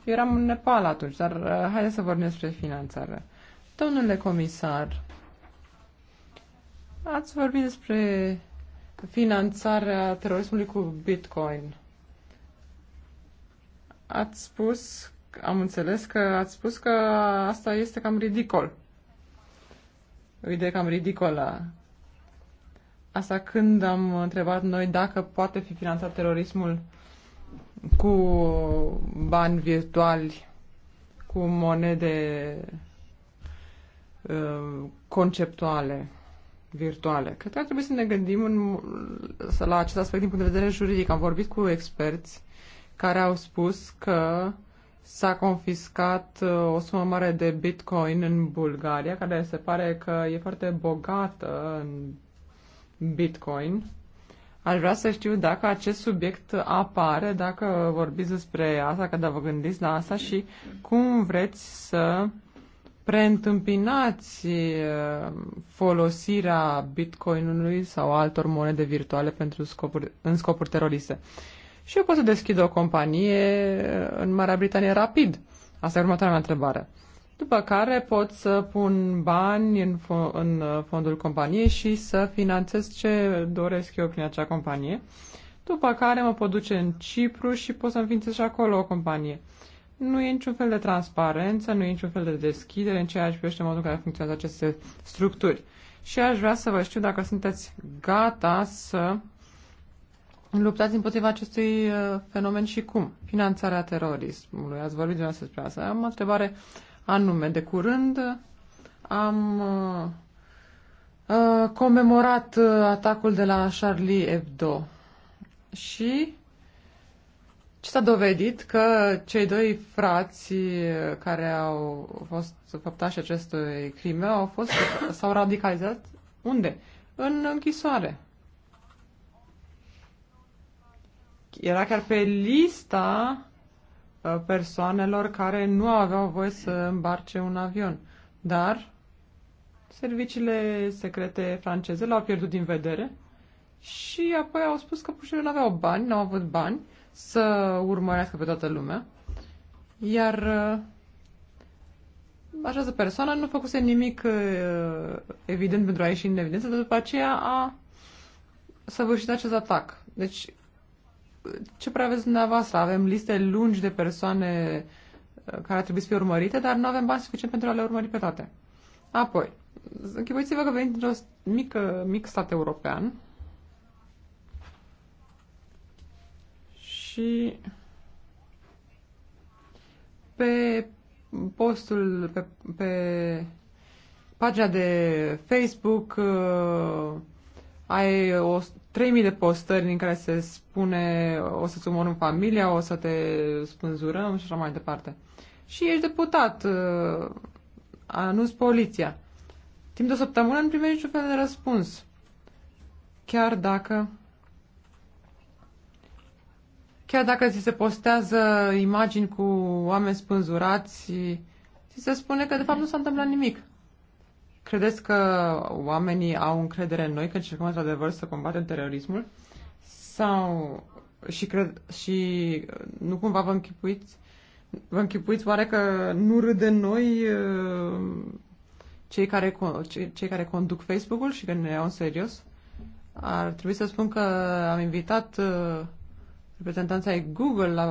Eu eram în Nepal atunci, dar uh, haideți să vorbim despre finanțare. Domnule comisar, ați vorbit despre finanțarea terorismului cu Bitcoin. Ați spus, am înțeles că ați spus că asta este cam ridicol. Uite, idee cam ridicolă. Asta când am întrebat noi dacă poate fi finanțat terorismul cu bani virtuali, cu monede uh, conceptuale, virtuale. Cred că ar trebui să ne gândim în, să, la acest aspect din punct de vedere juridic. Am vorbit cu experți care au spus că s-a confiscat uh, o sumă mare de bitcoin în Bulgaria, care se pare că e foarte bogată în Bitcoin. Aș vrea să știu dacă acest subiect apare, dacă vorbiți despre asta, că dacă vă gândiți la asta și cum vreți să preîntâmpinați uh, folosirea bitcoinului sau altor monede virtuale pentru scopuri, în scopuri teroriste. Și eu pot să deschid o companie uh, în Marea Britanie rapid. Asta e următoarea mea întrebare după care pot să pun bani în, fo- în fondul companiei și să finanțez ce doresc eu prin acea companie. După care mă pot duce în Cipru și pot să înființez și acolo o companie. Nu e niciun fel de transparență, nu e niciun fel de deschidere în ceea ce privește modul în care funcționează aceste structuri. Și aș vrea să vă știu dacă sunteți gata să luptați împotriva acestui uh, fenomen și cum? Finanțarea terorismului. Ați vorbit dumneavoastră despre asta. Am o întrebare anume. De curând am uh, uh comemorat uh, atacul de la Charlie Hebdo și ce s-a dovedit că cei doi frați uh, care au fost făptași acestui crime au fost, s-au radicalizat unde? În închisoare. Era chiar pe lista Uh, persoanelor care nu aveau voie să îmbarce un avion. Dar serviciile secrete franceze l-au pierdut din vedere și apoi au spus că pur și nu aveau bani, nu au avut bani să urmărească pe toată lumea. Iar uh, această persoană nu făcuse nimic uh, evident pentru a ieși în evidență, dar după aceea a săvârșit acest atac. Deci ce prea aveți dumneavoastră? Avem liste lungi de persoane uh, care ar trebui să fie urmărite, dar nu avem bani suficient pentru a le urmări pe toate. Apoi, închipuiți-vă că veniți dintr-un mic, mic stat european și pe postul, pe, pe pagina de Facebook uh, ai o 3000 de postări din care se spune o să-ți omorâm familia, o să te spânzurăm și așa mai departe. Și ești deputat, uh, anunț poliția. Timp de o săptămână nu primești niciun fel de răspuns. Chiar dacă chiar dacă ți se postează imagini cu oameni spânzurați, ți se spune că de fapt nu s-a întâmplat nimic. Credeți că oamenii au încredere în noi că încercăm într-adevăr să combatem terorismul? Sau și, cred, și nu cumva vă închipuiți Vă închipuiți oare că nu râde noi cei care, cei care conduc Facebook-ul și că ne iau în serios? Ar trebui să spun că am invitat uh, reprezentanța ai Google la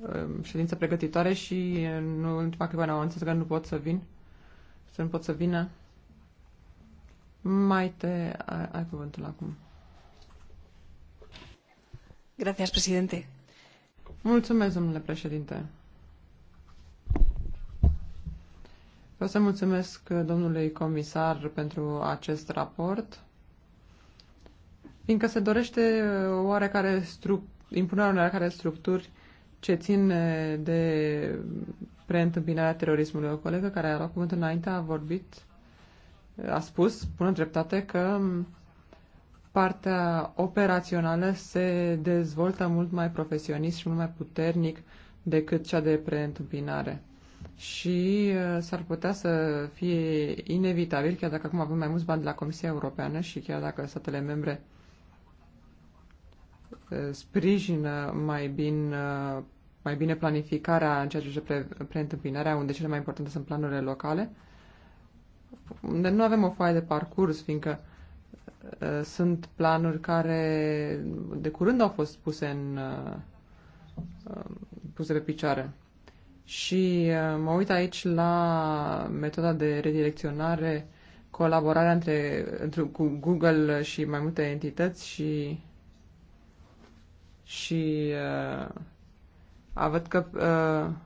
uh, ședință pregătitoare și în ultima clipă ne-au anunțat că nu pot să vin să nu pot să vină. Mai te ai, ai cuvântul acum. Gracias, președinte. Mulțumesc, domnule președinte. Vreau să mulțumesc domnului comisar pentru acest raport, fiindcă se dorește oarecare structură, impunerea unei oarecare structuri ce țin de preîntâmpinarea terorismului. O colegă care a luat cuvântul înainte a vorbit, a spus, până dreptate, că partea operațională se dezvoltă mult mai profesionist și mult mai puternic decât cea de preîntâmpinare. Și uh, s-ar putea să fie inevitabil, chiar dacă acum avem mai mulți bani de la Comisia Europeană și chiar dacă statele membre uh, sprijină mai bine uh, mai bine planificarea în ceea ce se pre, preîntâmpinarea, unde cele mai importante sunt planurile locale, unde nu avem o foaie de parcurs, fiindcă uh, sunt planuri care de curând au fost puse în uh, uh puse pe picioare. Și uh, mă uit aici la metoda de redirecționare, colaborarea între, între cu Google și mai multe entități și și uh, a, văd că uh,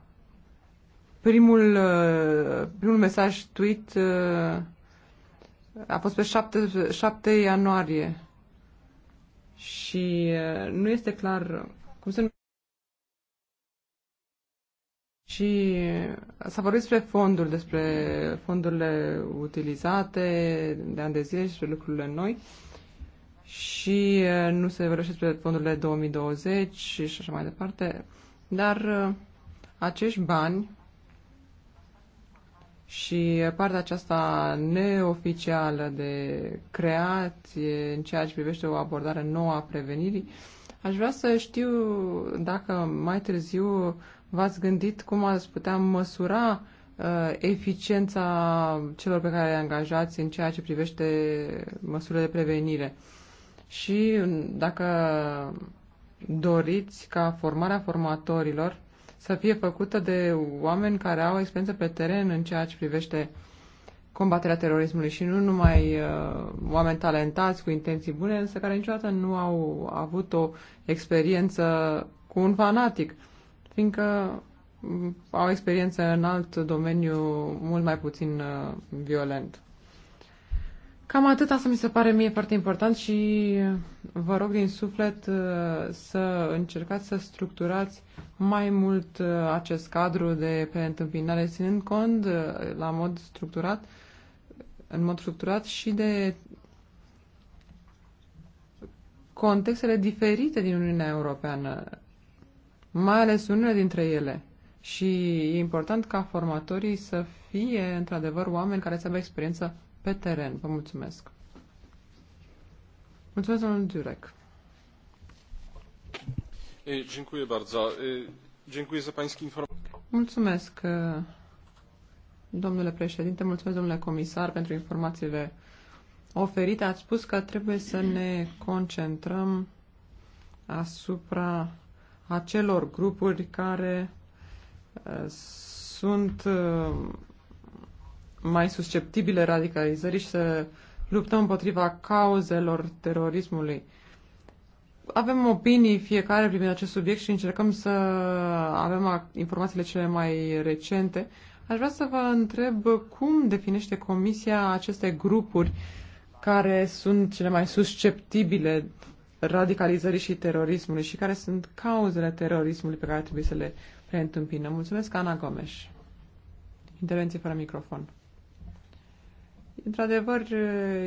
primul, uh, primul mesaj tweet uh, a fost pe 7, 7 ianuarie și uh, nu este clar cum se numește. Și uh, s-a vorbit despre fonduri, despre fondurile utilizate de ani de zile și despre lucrurile noi și uh, nu se vorbește despre fondurile 2020 și așa mai departe. Dar uh, acești bani și partea aceasta neoficială de creație în ceea ce privește o abordare nouă a prevenirii, aș vrea să știu dacă mai târziu v-ați gândit cum ați putea măsura uh, eficiența celor pe care le angajați în ceea ce privește măsurile de prevenire. Și mm, dacă doriți ca formarea formatorilor să fie făcută de oameni care au experiență pe teren în ceea ce privește combaterea terorismului și nu numai uh, oameni talentați cu intenții bune, însă care niciodată nu au avut o experiență cu un fanatic, fiindcă mm, au experiență în alt domeniu mult mai puțin uh, violent. Cam atât asta mi se pare mie foarte important și vă rog din suflet uh, să încercați să structurați mai mult uh, acest cadru de întâmpinare, ținând cont uh, la mod structurat, în mod structurat și de contextele diferite din Uniunea Europeană, mai ales unele dintre ele. Și e important ca formatorii să fie, într-adevăr, oameni care să aibă experiență pe teren. Vă mulțumesc. Mulțumesc, domnul Durek. Dziękuję bardzo. Dziękuję za pańskie informacje. Mulțumesc, domnule președinte, mulțumesc, domnule comisar, pentru informațiile oferite. Ați spus că trebuie să ne concentrăm asupra acelor grupuri care sunt mai susceptibile radicalizării și să luptăm împotriva cauzelor terorismului. Avem opinii fiecare privind acest subiect și încercăm să avem informațiile cele mai recente. Aș vrea să vă întreb cum definește Comisia aceste grupuri care sunt cele mai susceptibile radicalizării și terorismului și care sunt cauzele terorismului pe care trebuie să le preîntâmpinăm. Mulțumesc, Ana Gomes. Intervenție fără microfon. Într-adevăr,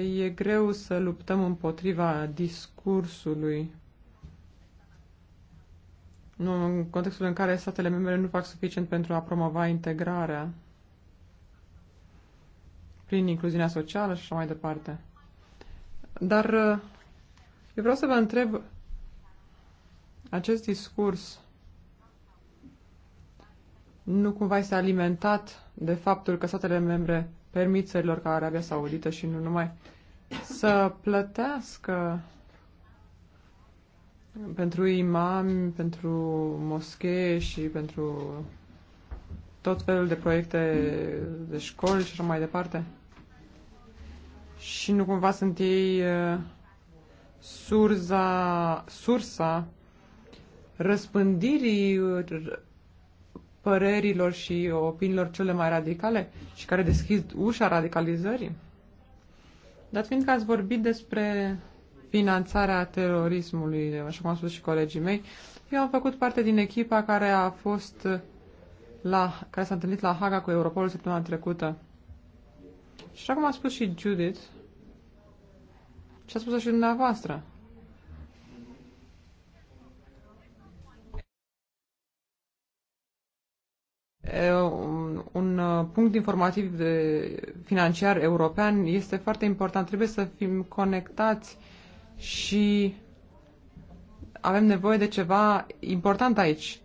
e greu să luptăm împotriva discursului nu, în contextul în care statele membre nu fac suficient pentru a promova integrarea prin incluziunea socială și așa mai departe. Dar uh, eu vreau să vă întreb acest discurs nu cumva este alimentat de faptul că statele membre permit țărilor ca Arabia Saudită și nu numai să plătească pentru imami, pentru moschee și pentru tot felul de proiecte de școli și așa mai departe. Și nu cumva sunt ei surza, sursa răspândirii părerilor și opiniilor cele mai radicale și care deschid ușa radicalizării? Dar fiindcă ați vorbit despre finanțarea terorismului, așa cum au spus și colegii mei, eu am făcut parte din echipa care a fost la, care s-a întâlnit la Haga cu Europolul săptămâna trecută. Și așa cum a spus și Judith, și a spus și dumneavoastră, un uh, punct informativ de financiar european este foarte important. Trebuie să fim conectați și avem nevoie de ceva important aici.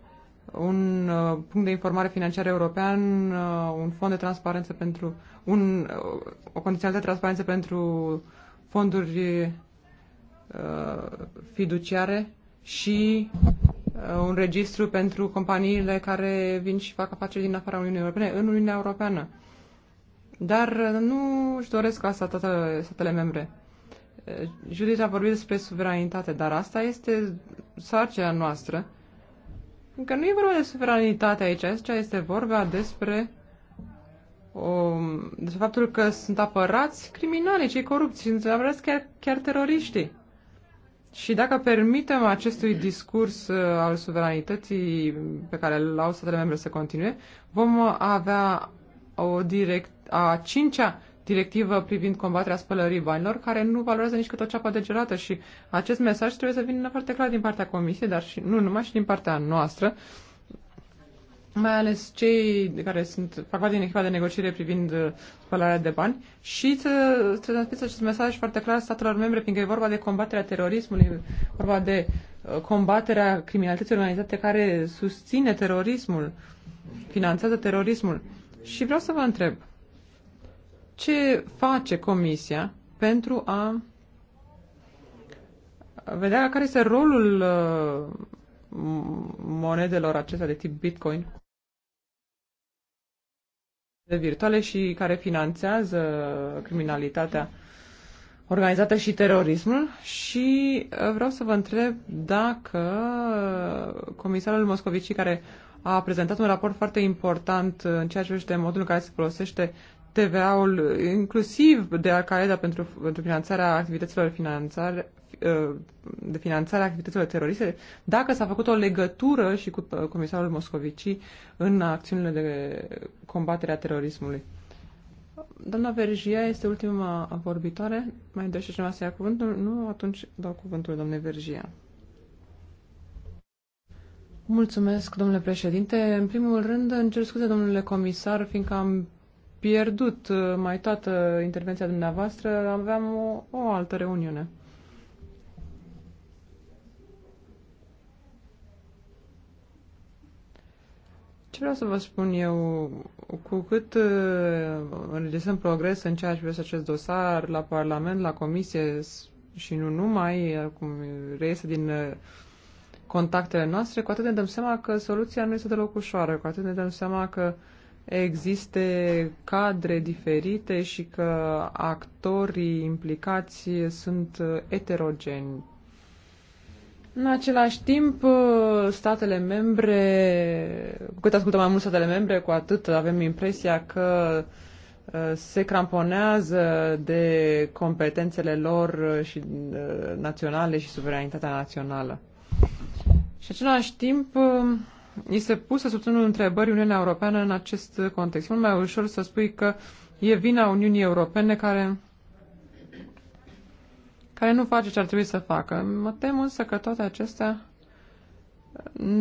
Un uh, punct de informare financiar european, uh, un fond de transparență pentru un, o condiționalitate de transparență pentru fonduri uh, fiduciare și Uh, un registru pentru companiile care vin și fac afaceri din afara Uniunii Europene în Uniunea Europeană. Dar uh, nu își doresc asta toate statele membre. Uh, Judith a vorbit despre suveranitate, dar asta este sarcina noastră. Încă nu e vorba de suveranitate aici, aici este vorba despre o, despre faptul că sunt apărați criminalii, cei corupți, sunt apărați chiar, chiar teroriștii. Și dacă permitem acestui discurs uh, al suveranității pe care îl au statele membre să continue, vom avea o direct, a cincea directivă privind combaterea spălării banilor, care nu valorează nici cât o ceapă de gelată și acest mesaj trebuie să vină foarte clar din partea Comisiei, dar și nu numai și din partea noastră, mai ales cei care sunt, fac parte din echipa de negociere privind uh, spălarea de bani și să, să transmită acest mesaj foarte clar statelor membre, fiindcă e vorba de combaterea terorismului, vorba de uh, combaterea criminalității organizate care susține terorismul, finanțează terorismul. Și vreau să vă întreb, ce face Comisia pentru a vedea care este rolul uh, monedelor acestea de tip Bitcoin? virtuale și care finanțează criminalitatea organizată și terorismul și uh, vreau să vă întreb dacă comisarul Moscovici, care a prezentat un raport foarte important în ceea ce privește modul în care se folosește TVA-ul, inclusiv de Al-Qaeda pentru, pentru finanțarea activităților finanțare, Uh, de finanțare a activităților teroriste, dacă s-a făcut o legătură și cu uh, comisarul Moscovici în acțiunile de combatere a terorismului. Doamna Vergia este ultima vorbitoare. Mai dorește cineva să ia cuvântul? Nu? Atunci dau cuvântul doamnei Vergia. Mulțumesc, domnule președinte. În primul rând, încerc scuze, domnule comisar, fiindcă am pierdut uh, mai toată intervenția dumneavoastră, aveam o, o altă reuniune. Ce vreau să vă spun eu, cu cât uh, înregistrăm progres în ceea ce privește acest dosar la Parlament, la Comisie și nu numai, uh, cum reiese din uh, contactele noastre, cu atât ne dăm seama că soluția nu este deloc ușoară, cu atât ne dăm seama că există cadre diferite și că actorii implicați sunt eterogeni. În același timp, uh, statele membre, cu cât ascultăm mai mult statele membre, cu atât avem impresia că uh, se cramponează de competențele lor și uh, naționale și suveranitatea națională. Și în același timp, este pusă sub semnul întrebării Uniunea Europeană în acest context. Mult mai ușor să spui că e vina Uniunii Europene care care nu face ce ar trebui să facă. Mă tem însă că toate acestea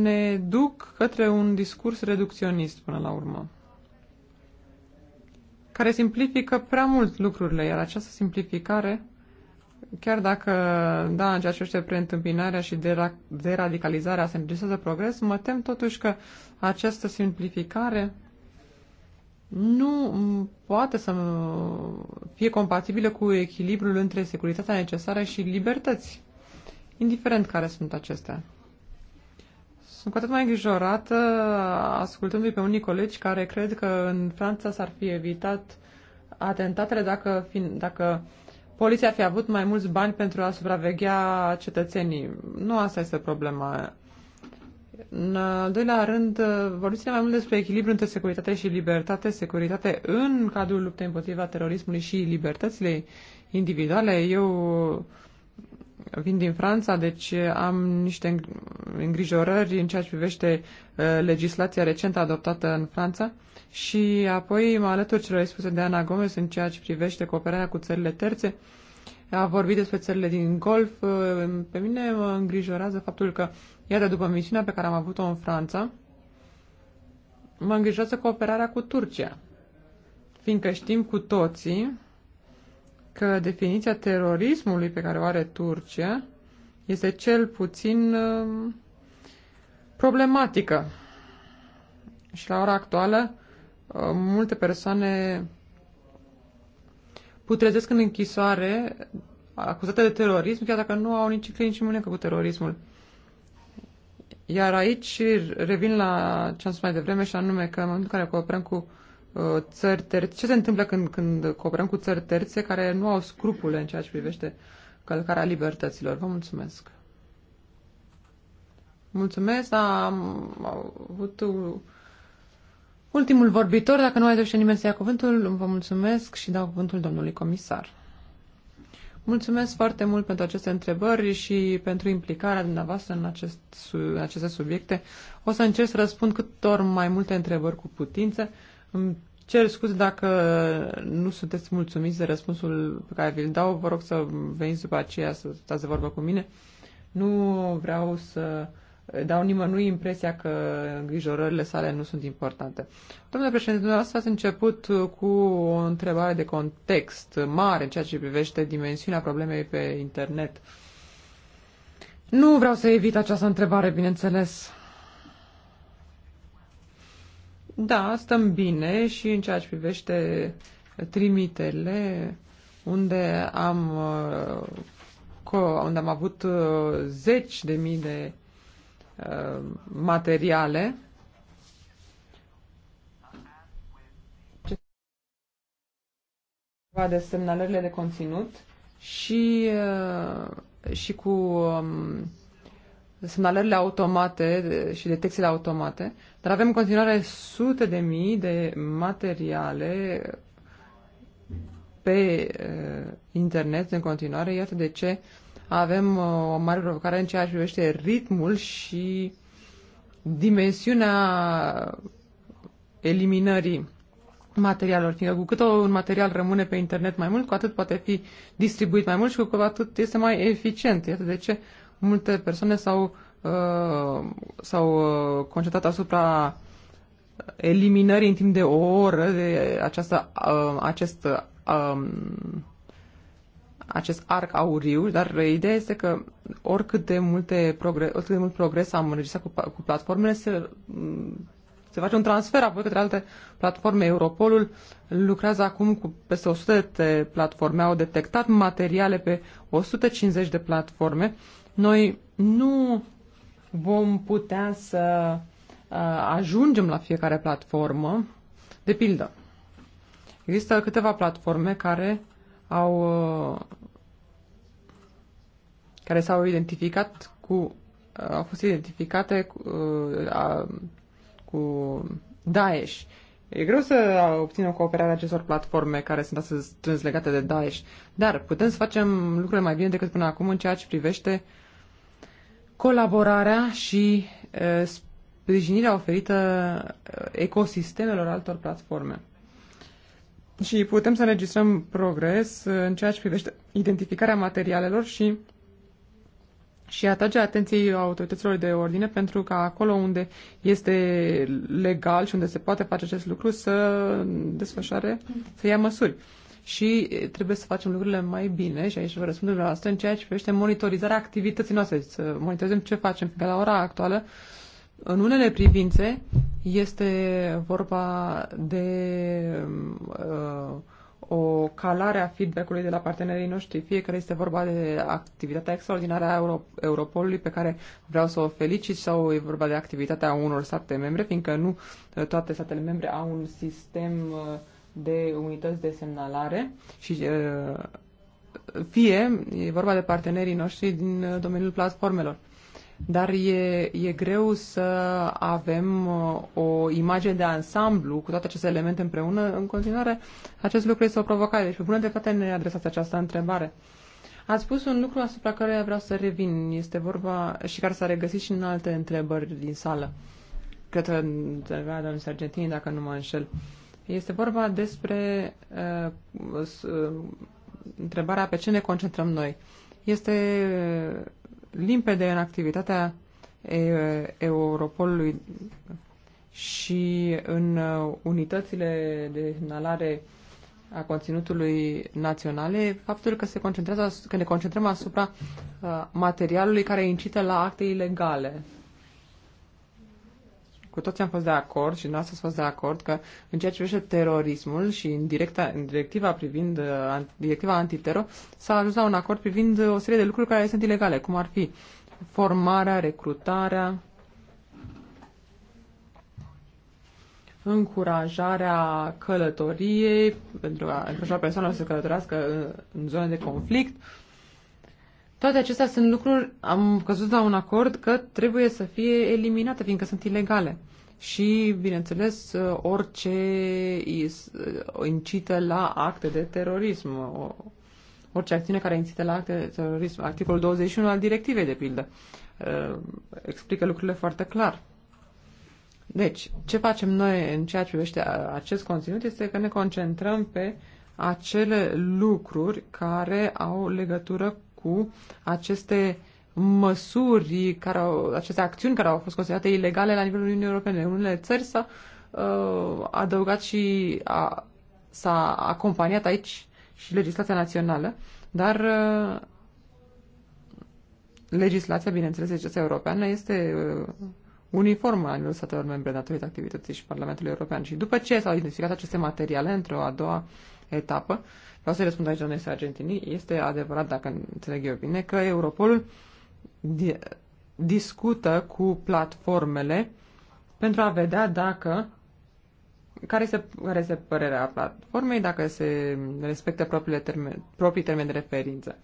ne duc către un discurs reducționist până la urmă, care simplifică prea mult lucrurile, iar această simplificare, chiar dacă, da, în ceea ce este preîntâmpinarea și deradicalizarea se înregistrează progres, mă tem totuși că această simplificare nu poate să fie compatibilă cu echilibrul între securitatea necesară și libertăți, indiferent care sunt acestea. Sunt cu atât mai îngrijorată ascultându-i pe unii colegi care cred că în Franța s-ar fi evitat atentatele dacă, dacă poliția ar fi avut mai mulți bani pentru a supraveghea cetățenii. Nu asta este problema. În al doilea rând, uh, vorbiți mai mult despre echilibru între securitate și libertate, securitate în cadrul luptei împotriva terorismului și libertățile individuale. Eu vin din Franța, deci am niște îngrijorări în ceea ce privește uh, legislația recent adoptată în Franța și apoi mă alătur celor spuse de Ana Gomes în ceea ce privește cooperarea cu țările terțe a vorbit despre țările din Golf. Uh, pe mine mă îngrijorează faptul că, iată, după misiunea pe care am avut-o în Franța, mă îngrijorează cooperarea cu Turcia. Fiindcă știm cu toții că definiția terorismului pe care o are Turcia este cel puțin uh, problematică. Și la ora actuală, uh, multe persoane putrezesc în închisoare acuzate de terorism, chiar dacă nu au nici clinici imunecă cu terorismul. Iar aici revin la ce am spus mai devreme și anume că în momentul în care cooperăm cu uh, țări terțe, ce se întâmplă când, când cooperăm cu țări terțe care nu au scrupule în ceea ce privește călcarea libertăților? Vă mulțumesc! Mulțumesc, am avut Ultimul vorbitor, dacă nu mai dorește nimeni să ia cuvântul, vă mulțumesc și dau cuvântul domnului comisar. Mulțumesc foarte mult pentru aceste întrebări și pentru implicarea dumneavoastră în, acest, în aceste subiecte. O să încerc să răspund cât or mai multe întrebări cu putință. Îmi cer scuze dacă nu sunteți mulțumiți de răspunsul pe care vi-l dau. Vă rog să veniți după aceea să stați de vorbă cu mine. Nu vreau să uh, dau nimănui impresia că îngrijorările sale nu sunt importante. Domnule președinte, dumneavoastră ați început cu o întrebare de context mare în ceea ce privește dimensiunea problemei pe internet. Nu vreau să evit această întrebare, bineînțeles. Da, stăm bine și în ceea ce privește trimitele, unde am, uh, unde am avut uh, zeci de mii de Uh, materiale. de semnalările de conținut și, uh, și cu um, semnalările automate și detecțiile automate, dar avem în continuare sute de mii de materiale pe uh, internet în continuare, iată de ce uh, avem uh, o mare provocare în ceea ce privește ritmul și dimensiunea eliminării materialelor, fiindcă cu cât un material rămâne pe internet mai mult, cu atât poate fi distribuit mai mult și cu atât este mai eficient. Iată de ce multe persoane s-au, uh, s-au uh, concentrat asupra eliminării în timp de o oră de această, uh, acest uh, um, acest arc auriu, dar ideea este că oricât de, multe progre- oricât de mult progres am înregistrat cu, cu platformele, se, mm, se face un transfer apoi către alte platforme. Europolul lucrează acum cu peste 100 de platforme, au detectat materiale pe 150 de platforme. Noi nu vom putea să uh, ajungem la fiecare platformă. De pildă, există câteva platforme care au uh, care s-au identificat cu uh, au fost identificate cu, uh, cu Daesh. E greu să obținem cooperarea acestor platforme care sunt astăzi strâns legate de Daesh, dar putem să facem lucrurile mai bine decât până acum în ceea ce privește colaborarea și uh, sprijinirea oferită uh, ecosistemelor altor platforme și putem să înregistrăm progres uh, în ceea ce privește identificarea materialelor și și atrage atenției autorităților de ordine pentru ca acolo unde este legal și unde se poate face acest lucru să desfășoare, să ia măsuri. Și trebuie să facem lucrurile mai bine și aici vă răspund dumneavoastră în ceea ce privește monitorizarea activității noastre, să monitorizăm ce facem, că la ora actuală uh, în unele privințe este vorba de uh, o calare a feedback-ului de la partenerii noștri, fie că este vorba de activitatea extraordinară a Euro- Europolului pe care vreau să o felicit sau e vorba de activitatea unor state membre, fiindcă nu uh, toate statele membre au un sistem uh, de unități de semnalare și uh, fie e vorba de partenerii noștri din domeniul platformelor dar e, e greu să avem uh, o imagine de ansamblu cu toate aceste elemente împreună. În continuare, acest lucru este o provocare. Deci, pe bună dreptate, ne adresați această întrebare. Ați spus un lucru asupra care vreau să revin. Este vorba și care s-a regăsit și în alte întrebări din sală. Cred că întrebarea domnului Sargentini, dacă nu mă înșel. Este vorba despre uh, uh întrebarea pe ce ne concentrăm noi. Este limpede în activitatea Europolului și în uh, unitățile de inalare a conținutului naționale, faptul că, se concentrează, că ne concentrăm asupra uh, materialului care incită la acte ilegale. Cu toți am fost de acord și noastră ați fost de acord că în ceea ce privește terorismul și în, directa, în directiva privind uh, directiva antitero s-a ajuns la un acord privind o serie de lucruri care sunt ilegale, cum ar fi formarea, recrutarea, încurajarea călătoriei pentru a încuraja persoanele să călătorească uh, în zone de conflict, toate acestea sunt lucruri, am căzut la un acord că trebuie să fie eliminate, fiindcă sunt ilegale. Și, bineînțeles, orice incită la acte de terorism, orice acțiune care incită la acte de terorism. Articolul 21 al directivei, de pildă, uh, explică lucrurile foarte clar. Deci, ce facem noi în ceea ce privește acest conținut este că ne concentrăm pe acele lucruri care au legătură cu aceste măsuri, care au, aceste acțiuni care au fost considerate ilegale la nivelul Uniunii Europene. unele țări s-a uh, adăugat și a, s-a acompaniat aici și legislația națională, dar uh, legislația, bineînțeles, legislația europeană este uh, uniformă la nivelul statelor membre datorită activității și Parlamentului European. Și după ce s-au identificat aceste materiale într-o a doua uh, etapă. Vreau să răspund aici doamnei Argentinii. Este adevărat, dacă înțeleg eu bine, că Europolul di- discută cu platformele pentru a vedea dacă care este, care este părerea platformei, dacă se respectă propriile termen, proprii termeni de referință.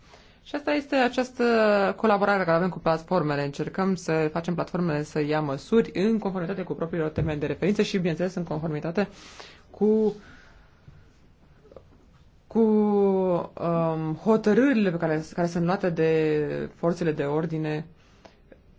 Și asta este această colaborare care avem cu platformele. Încercăm să facem platformele să ia măsuri în conformitate cu propriile termeni de referință și, bineînțeles, în conformitate cu cu um, hotărârile pe care, care sunt luate de forțele de ordine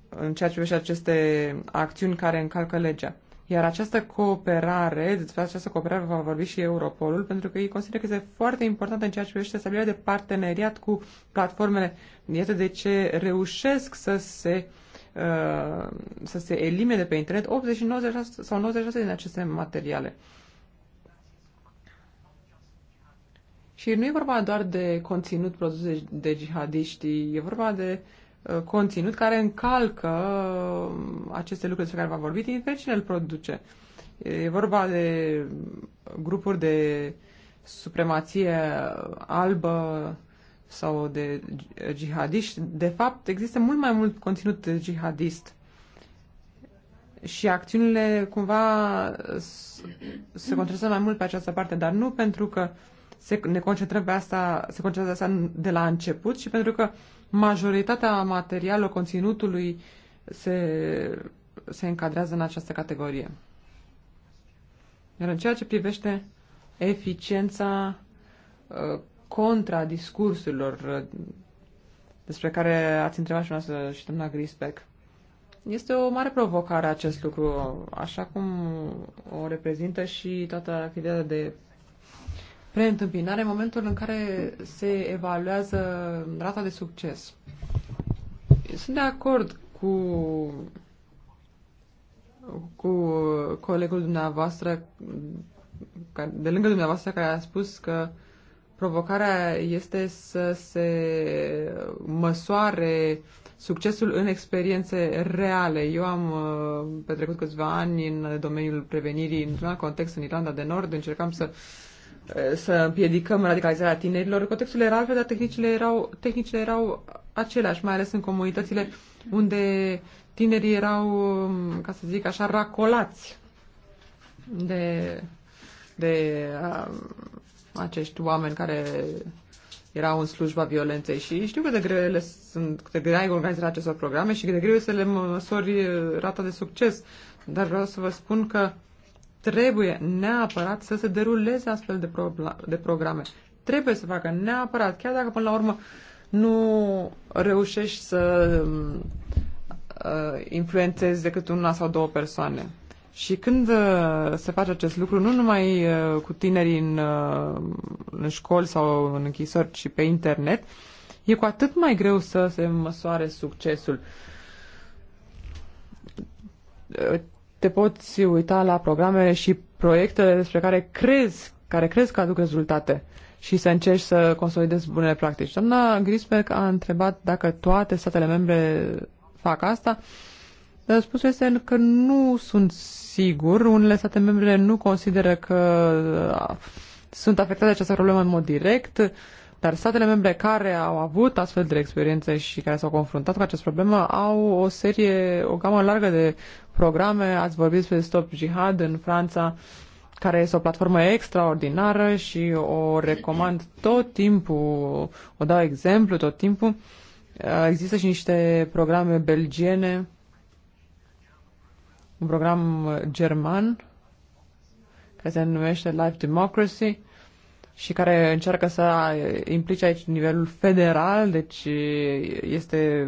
în ceea ce privește aceste acțiuni care încalcă legea. Iar această cooperare, despre această cooperare va vorbi și Europolul, pentru că ei consideră că este foarte important în ceea ce privește stabilirea de parteneriat cu platformele. Iată de ce reușesc să se uh, să se elimine de pe internet 90 sau 96 din aceste materiale. Și nu e vorba doar de conținut produs de, de jihadiști, e vorba de uh, conținut care încalcă uh, aceste lucruri despre care v-am vorbit, indiferent cine îl produce. E vorba de grupuri de supremație albă sau de jihadiști. De fapt, există mult mai mult conținut jihadist și acțiunile cumva se concentrează mai mult pe această parte, dar nu pentru că uh, se, ne concentrăm pe asta, se concentrează asta de la început și pentru că majoritatea materialului, conținutului se, se încadrează în această categorie. Iar în ceea ce privește eficiența uh, contra discursurilor uh, despre care ați întrebat și noastră și doamna Grisbeck, este o mare provocare acest lucru, așa cum o reprezintă și toată activitatea de preîntâmpinare în momentul în care se evaluează rata de succes. Sunt de acord cu cu colegul dumneavoastră de lângă dumneavoastră care a spus că provocarea este să se măsoare succesul în experiențe reale. Eu am uh, petrecut câțiva ani în domeniul prevenirii într-un alt context în Irlanda de Nord, încercam să Eh, să împiedicăm radicalizarea tinerilor. Contextul era altfel, dar tehnicile erau, tehnicile erau aceleași, mai ales în comunitățile unde tinerii erau, um, ca să zic așa, racolați de, de a, um, acești oameni care erau în slujba violenței și știu cât de grele sunt, cât de grea e organizarea acestor programe și cât de greu să le măsori uh, rata de succes. Dar vreau să vă spun că Trebuie neapărat să se deruleze astfel de, pro- de programe. Trebuie să facă neapărat, chiar dacă până la urmă nu reușești să uh, influențezi decât una sau două persoane. Și când uh, se face acest lucru, nu numai uh, cu tinerii în, uh, în școli sau în închisori, ci pe internet, e cu atât mai greu să se măsoare succesul. Uh, te poți uita la programele și proiectele despre care crezi, care crezi că aduc rezultate și să încerci să consolidezi bunele practici. Doamna Grisberg a întrebat dacă toate statele membre fac asta. Răspunsul este că nu sunt sigur. Unele state membre nu consideră că sunt afectate de această problemă în mod direct. Dar statele membre care au avut astfel de experiențe și care s-au confruntat cu această problemă au o serie, o gamă largă de programe. Ați vorbit despre Stop Jihad în Franța, care este o platformă extraordinară și o recomand tot timpul, o dau exemplu tot timpul. Există și niște programe belgiene, un program german care se numește Life Democracy, și care încearcă să implice aici nivelul federal, deci este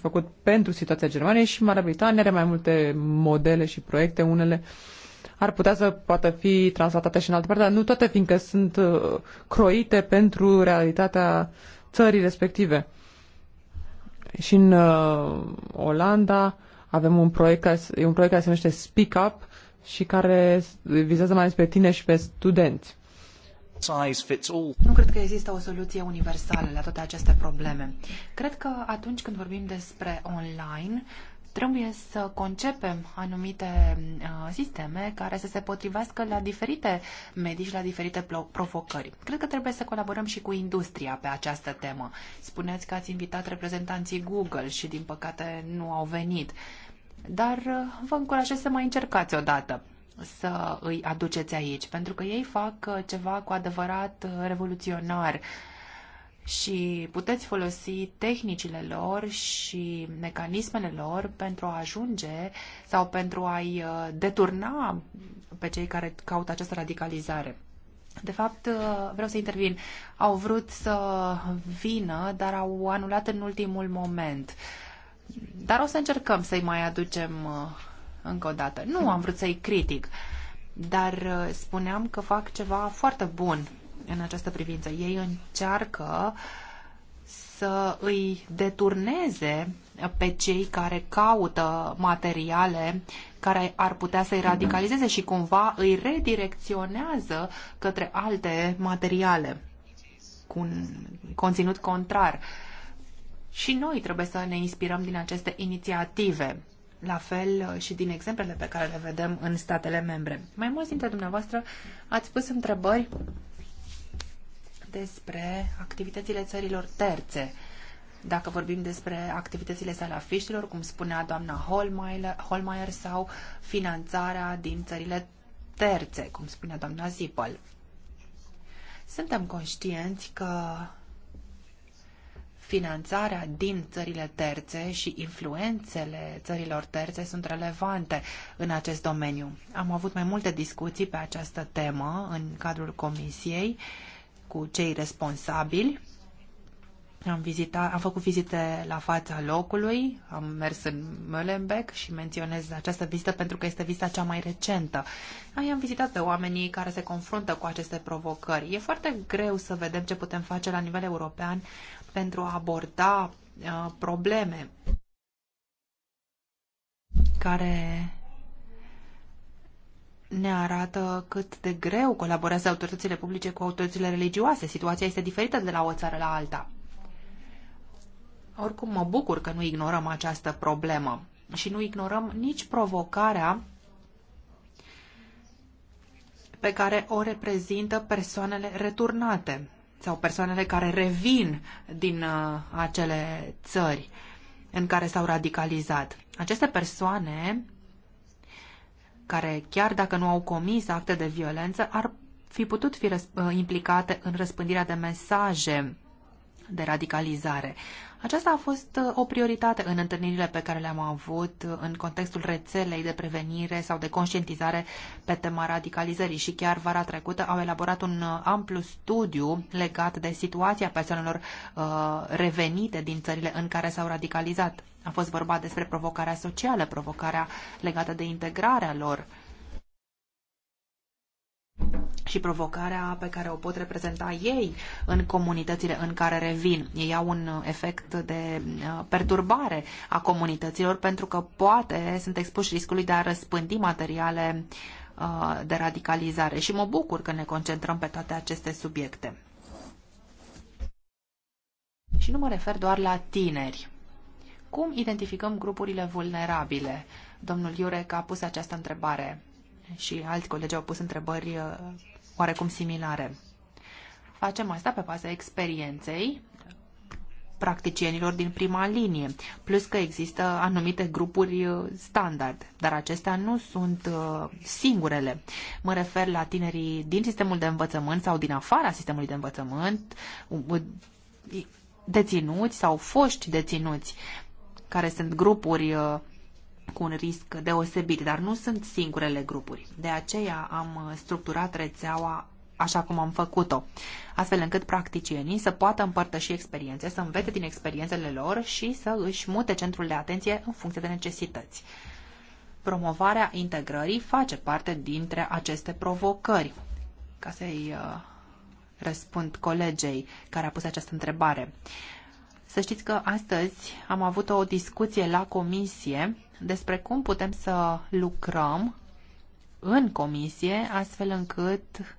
făcut pentru situația Germaniei și Marea Britanie are mai multe modele și proiecte, unele ar putea să poată fi translatate și în altă parte, dar nu toate, fiindcă sunt uh, croite pentru realitatea țării respective. Și în uh, Olanda avem un proiect, care, e un proiect care se numește Speak Up și care vizează mai ales pe tine și pe studenți size fits all. Nu cred că există o soluție universală la toate aceste probleme. Cred că atunci când vorbim despre online, trebuie să concepem anumite uh, sisteme care să se potrivească la diferite medii și la diferite provocări. Cred că trebuie să colaborăm și cu industria pe această temă. Spuneți că ați invitat reprezentanții Google și din păcate nu au venit. Dar uh, vă încurajez să mai încercați o dată să îi aduceți aici, pentru că ei fac uh, ceva cu adevărat uh, revoluționar și puteți folosi tehnicile lor și mecanismele lor pentru a ajunge sau pentru a-i uh, deturna pe cei care caută această radicalizare. De fapt, vreau să intervin. Au vrut să vină, dar au anulat în ultimul moment. Dar o să încercăm să-i mai aducem încă o dată. Nu am vrut să-i critic, dar uh, spuneam că fac ceva foarte bun în această privință. Ei încearcă să îi deturneze pe cei care caută materiale care ar putea să-i radicalizeze și cumva îi redirecționează către alte materiale cu un conținut contrar. Și noi trebuie să ne inspirăm din aceste inițiative la fel uh, și din exemplele pe care le vedem în statele membre. Mai mulți dintre dumneavoastră ați pus întrebări despre activitățile țărilor terțe. Dacă vorbim despre activitățile salafiștilor, cum spunea doamna Holmeier, Holmeier sau finanțarea din țările terțe, cum spunea doamna Zipăl. Suntem conștienți că finanțarea din țările terțe și influențele țărilor terțe sunt relevante în acest domeniu. Am avut mai multe discuții pe această temă în cadrul comisiei cu cei responsabili. Am, vizitat, am făcut vizite la fața locului, am mers în Mölenbeck și menționez această vizită pentru că este vizita cea mai recentă. I-am vizitat pe oamenii care se confruntă cu aceste provocări. E foarte greu să vedem ce putem face la nivel european pentru a aborda uh, probleme care ne arată cât de greu colaborează autoritățile publice cu autoritățile religioase. Situația este diferită de la o țară la alta. Oricum, mă bucur că nu ignorăm această problemă și nu ignorăm nici provocarea pe care o reprezintă persoanele returnate sau persoanele care revin din uh, acele țări în care s-au radicalizat. Aceste persoane care, chiar dacă nu au comis acte de violență, ar fi putut fi uh, implicate în răspândirea de mesaje de radicalizare. Aceasta a fost uh, o prioritate în întâlnirile pe care le-am avut uh, în contextul rețelei de prevenire sau de conștientizare pe tema radicalizării și chiar vara trecută au elaborat un uh, amplu studiu legat de situația persoanelor uh, revenite din țările în care s-au radicalizat. A fost vorba despre provocarea socială, provocarea legată de integrarea lor și provocarea pe care o pot reprezenta ei în comunitățile în care revin. Ei au un efect de uh, perturbare a comunităților pentru că poate sunt expuși riscului de a răspândi materiale uh, de radicalizare și mă bucur că ne concentrăm pe toate aceste subiecte. Și nu mă refer doar la tineri. Cum identificăm grupurile vulnerabile? Domnul Iurec a pus această întrebare și alți colegi au pus întrebări uh, oarecum similare. Facem asta pe baza experienței practicienilor din prima linie, plus că există anumite grupuri uh, standard, dar acestea nu sunt uh, singurele. Mă refer la tinerii din sistemul de învățământ sau din afara sistemului de învățământ, deținuți sau foști deținuți, care sunt grupuri cu un risc deosebit, dar nu sunt singurele grupuri. De aceea am structurat rețeaua așa cum am făcut-o, astfel încât practicienii să poată împărtăși experiențe, să învețe din experiențele lor și să își mute centrul de atenție în funcție de necesități. Promovarea integrării face parte dintre aceste provocări. Ca să-i uh, răspund colegei care a pus această întrebare. Uh, să știți că astăzi am avut o discuție la comisie despre cum putem să lucrăm în comisie astfel încât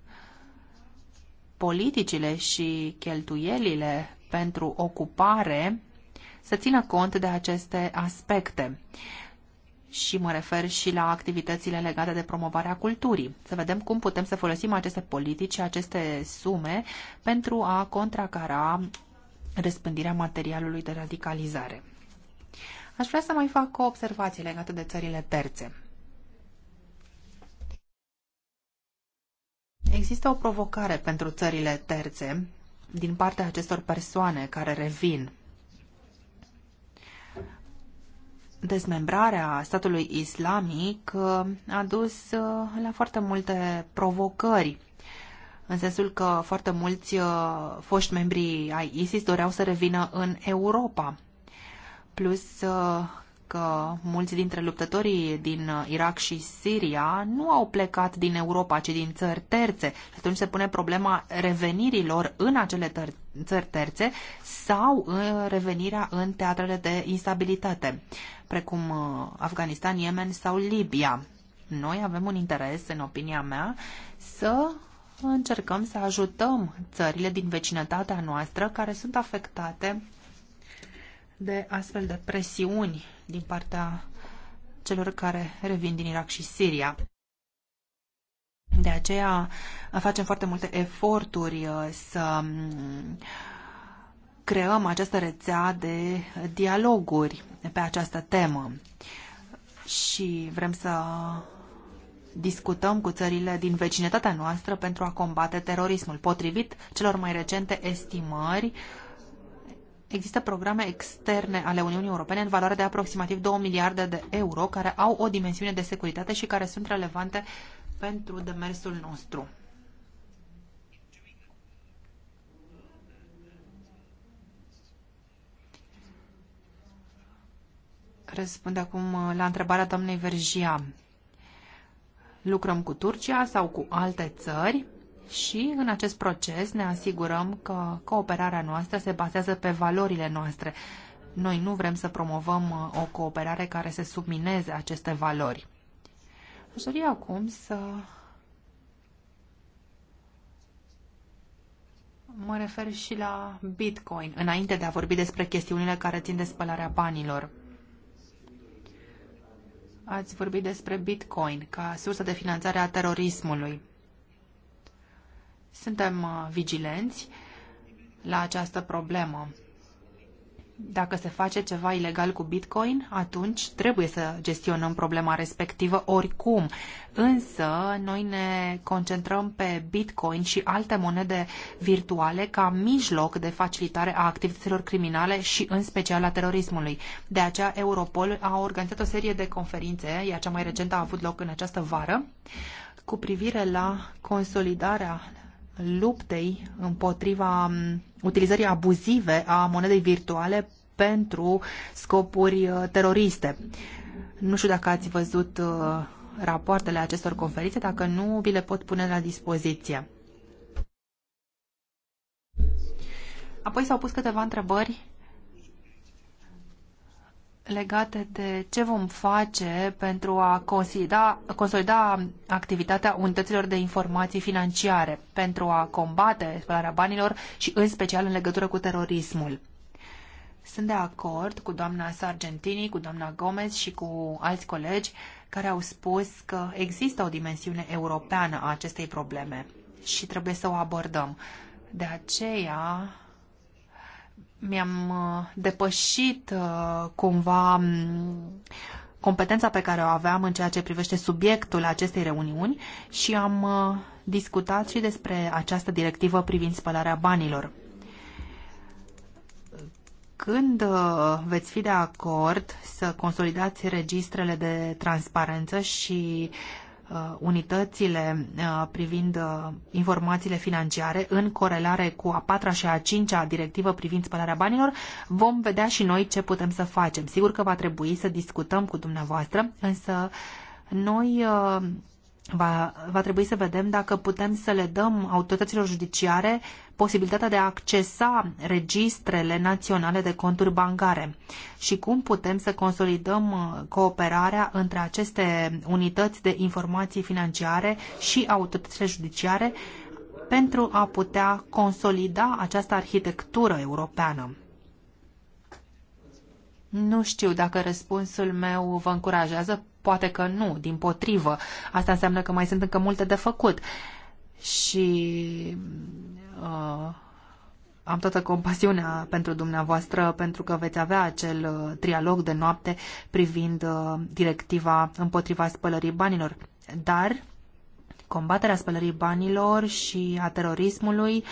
politicile și cheltuielile pentru ocupare să țină cont de aceste aspecte. Și mă refer și la activitățile legate de promovarea culturii. Să vedem cum putem să folosim aceste politici și aceste sume pentru a contracara răspândirea materialului de radicalizare. Aș vrea să mai fac o observație legată de țările terțe. Există o provocare pentru țările terțe din partea acestor persoane care revin. Dezmembrarea statului islamic uh, a dus uh, la foarte multe provocări în sensul că foarte mulți uh, foști membri ai ISIS doreau să revină în Europa. Plus uh, că mulți dintre luptătorii din uh, Irak și Siria nu au plecat din Europa, ci din țări terțe. Și atunci se pune problema revenirilor în acele tăr- țări terțe sau în revenirea în teatrele de instabilitate, precum Afganistan, Yemen sau Libia. Noi avem un interes, în opinia mea, să încercăm să ajutăm țările din vecinătatea noastră care sunt afectate de astfel de presiuni din partea celor care revin din Irak și Siria. De aceea facem foarte multe eforturi uh, să um, creăm această rețea de dialoguri pe această temă și vrem să discutăm cu țările din vecinătatea noastră pentru a combate terorismul. Potrivit celor mai recente estimări, există programe externe ale Uniunii Europene în valoare de aproximativ 2 miliarde de euro care au o dimensiune de securitate și care sunt relevante pentru demersul nostru. Răspund acum uh, la întrebarea doamnei Vergia Lucrăm cu Turcia sau cu alte țări și în acest proces ne asigurăm că cooperarea noastră se bazează pe valorile noastre. Noi nu vrem să promovăm uh, o cooperare care să submineze aceste valori. Aș dori acum să mă refer și la Bitcoin, înainte de a vorbi despre chestiunile care țin de spălarea banilor ați vorbit despre Bitcoin ca sursă de finanțare a terorismului. Suntem uh, vigilenți la această problemă dacă se face ceva ilegal cu Bitcoin, atunci trebuie să gestionăm problema respectivă oricum. Însă, noi ne concentrăm pe Bitcoin și alte monede virtuale ca mijloc de facilitare a activităților criminale și în special a terorismului. De aceea, Europol a organizat o serie de conferințe, iar cea mai recentă a avut loc în această vară, cu privire la consolidarea luptei împotriva utilizării abuzive a monedei virtuale pentru scopuri uh, teroriste. Nu știu dacă ați văzut uh, rapoartele acestor conferințe, dacă nu, vi le pot pune la dispoziție. Apoi s-au pus câteva întrebări legate de ce vom face pentru a consolida, consolida activitatea unităților de informații financiare, pentru a combate spălarea banilor și în special în legătură cu terorismul. Sunt de acord cu doamna Sargentini, cu doamna Gomez și cu alți colegi care au spus că există o dimensiune europeană a acestei probleme și trebuie să o abordăm. De aceea mi-am uh, depășit uh, cumva mm, competența pe care o aveam în ceea ce privește subiectul acestei reuniuni și am uh, discutat și despre această directivă privind spălarea banilor. Când veți fi de acord să consolidați registrele de transparență și Uh, unitățile uh, privind uh, informațiile financiare în corelare cu a patra și a cincea directivă privind spălarea banilor, vom vedea și noi ce putem să facem. Sigur că va trebui să discutăm cu dumneavoastră, însă noi Va, va trebui să vedem dacă putem să le dăm autorităților judiciare posibilitatea de a accesa registrele naționale de conturi bancare și cum putem să consolidăm uh, cooperarea între aceste unități de informații financiare și autoritățile judiciare pentru a putea consolida această arhitectură europeană. Nu știu dacă răspunsul meu vă încurajează Poate că nu, din potrivă. Asta înseamnă că mai sunt încă multe de făcut. Și uh, am toată compasiunea pentru dumneavoastră, pentru că veți avea acel uh, trialog de noapte privind uh, directiva împotriva spălării banilor. Dar combaterea spălării banilor și a terorismului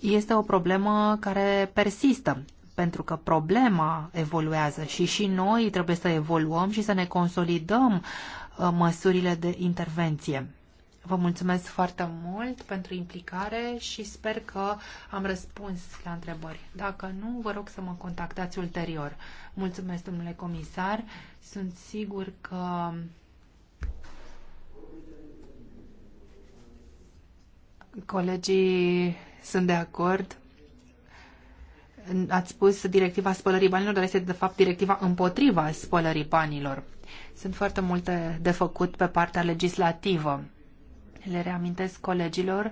este o problemă care persistă pentru că problema evoluează și și noi trebuie să evoluăm și să ne consolidăm uh, măsurile de intervenție. Vă mulțumesc foarte mult pentru implicare și sper că am răspuns la întrebări. Dacă nu, vă rog să mă contactați ulterior. Mulțumesc, domnule comisar. Sunt sigur că colegii sunt de acord ați spus directiva spălării banilor, dar este de fapt directiva împotriva spălării banilor. Sunt foarte multe de făcut pe partea legislativă. Le reamintesc colegilor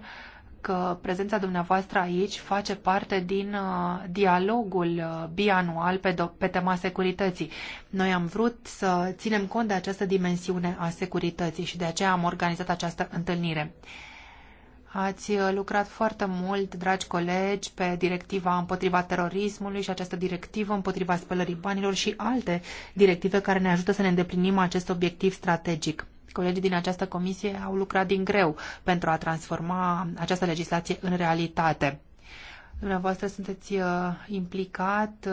că prezența dumneavoastră aici face parte din uh, dialogul uh, bianual pe, pe tema securității. Noi am vrut să ținem cont de această dimensiune a securității și de aceea am organizat această întâlnire. Ați uh, lucrat foarte mult, dragi colegi, pe directiva împotriva terorismului și această directivă împotriva spălării banilor și alte directive care ne ajută să ne îndeplinim acest obiectiv strategic. Colegii din această comisie au lucrat din greu pentru a transforma această legislație în realitate. Dumneavoastră sunteți uh, implicat uh,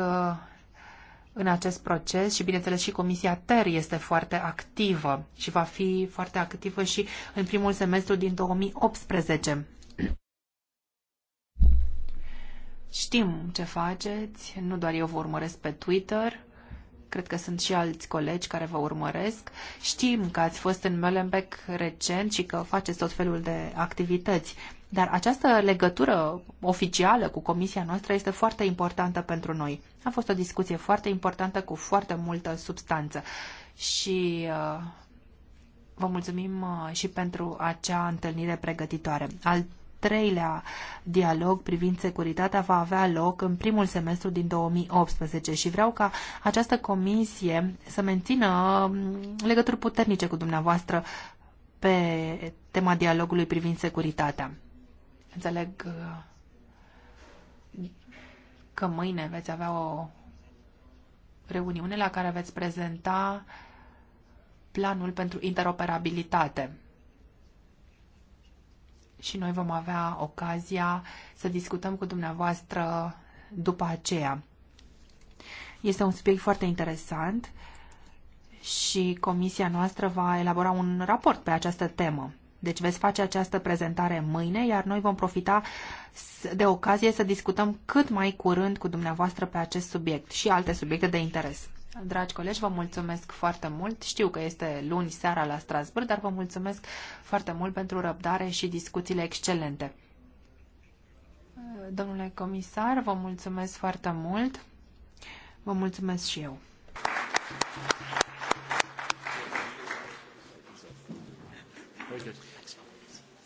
în acest proces și, bineînțeles, și Comisia TER este foarte activă și va fi foarte activă și în primul semestru din 2018. Știm ce faceți, nu doar eu vă urmăresc pe Twitter, cred că sunt și alți colegi care vă urmăresc. Știm că ați fost în Mölenbeek recent și că faceți tot felul de activități. Dar această legătură oficială cu comisia noastră este foarte importantă pentru noi. A fost o discuție foarte importantă cu foarte multă substanță și uh, vă mulțumim uh, și pentru acea întâlnire pregătitoare. Al treilea dialog privind securitatea va avea loc în primul semestru din 2018 și vreau ca această comisie să mențină um, legături puternice cu dumneavoastră pe tema dialogului privind securitatea. Înțeleg uh, că mâine veți avea o reuniune la care veți prezenta planul pentru interoperabilitate. Și noi vom avea ocazia să discutăm cu dumneavoastră după aceea. Este un subiect foarte interesant și comisia noastră va elabora un raport pe această temă. Deci veți face această prezentare mâine, iar noi vom profita de ocazie să discutăm cât mai curând cu dumneavoastră pe acest subiect și alte subiecte de interes. Dragi colegi, vă mulțumesc foarte mult. Știu că este luni seara la Strasburg, dar vă mulțumesc foarte mult pentru răbdare și discuțiile excelente. Domnule comisar, vă mulțumesc foarte mult. Vă mulțumesc și eu.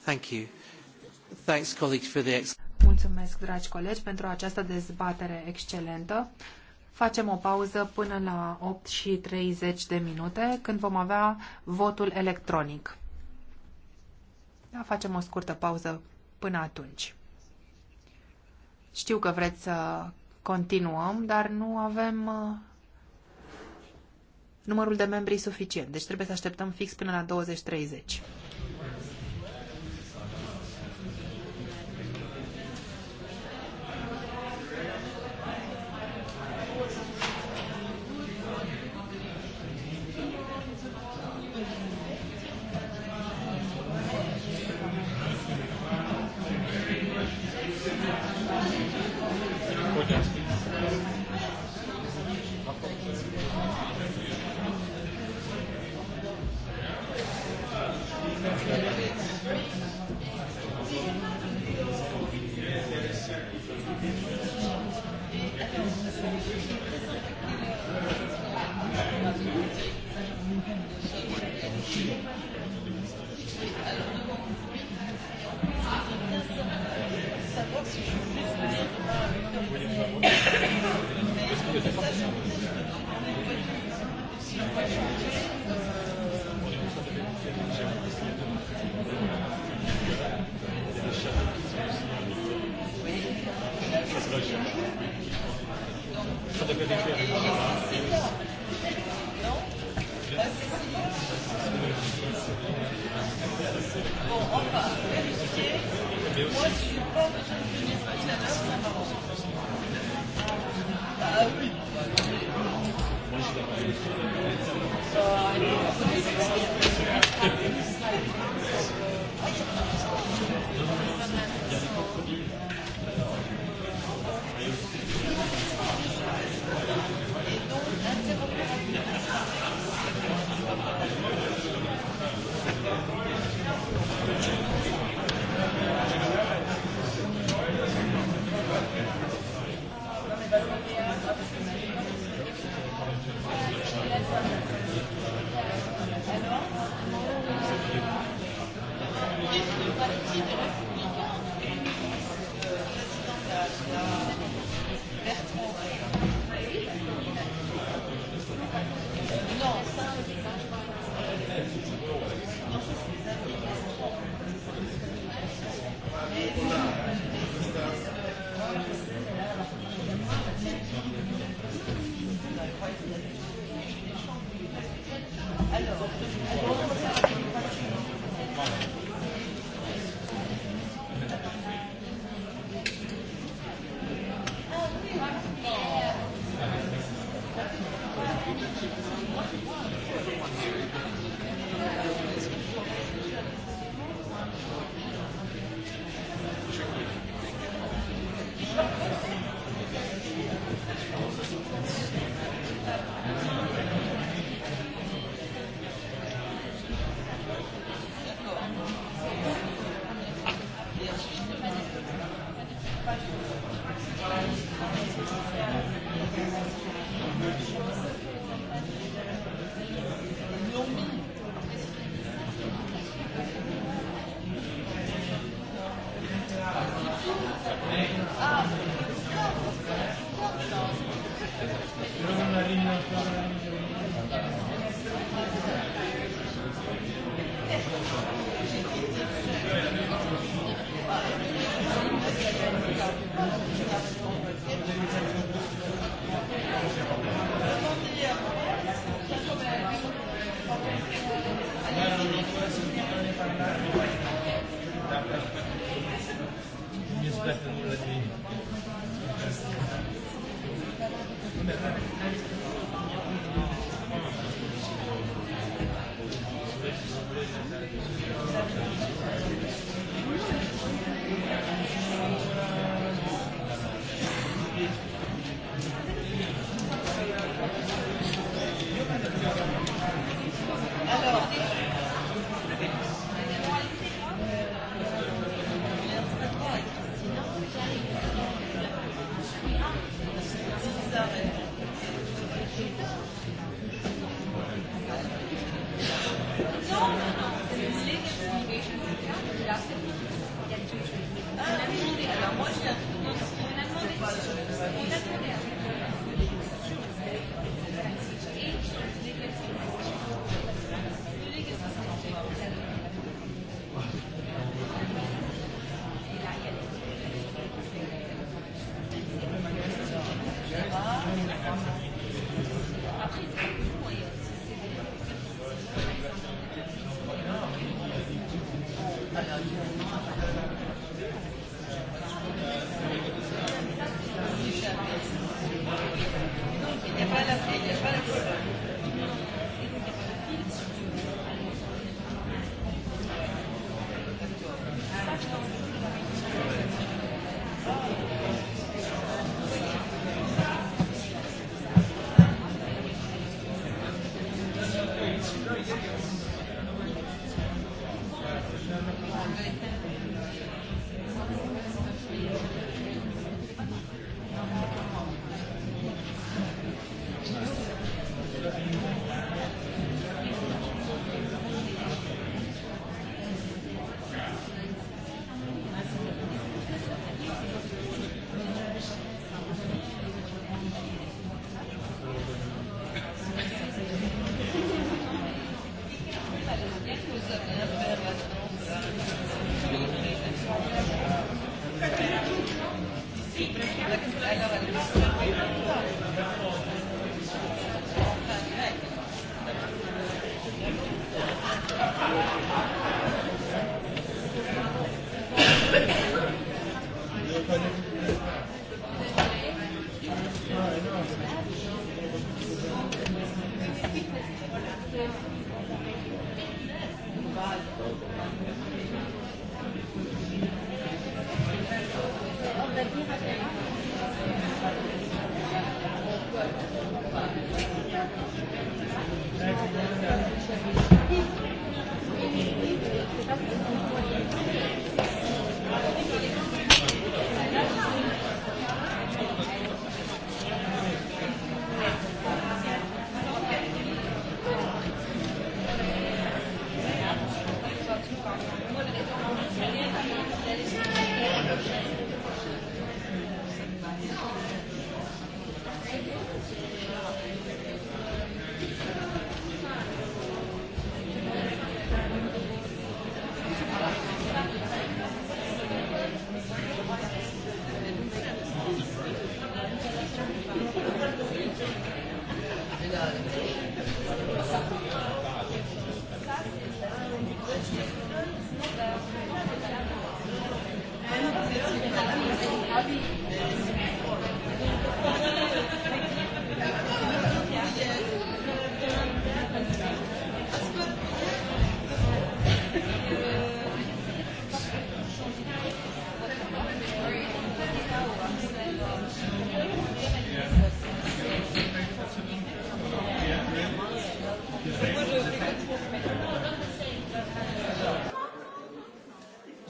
Thank you. Thanks, colleagues, for the Mulțumesc, dragi colegi, pentru această dezbatere excelentă. Facem o pauză până la 8 și 30 de minute, când vom avea votul electronic. Da, facem o scurtă pauză până atunci. Știu că vreți să continuăm, dar nu avem uh, numărul de membri suficient, deci trebuie să așteptăm fix până la 20-30.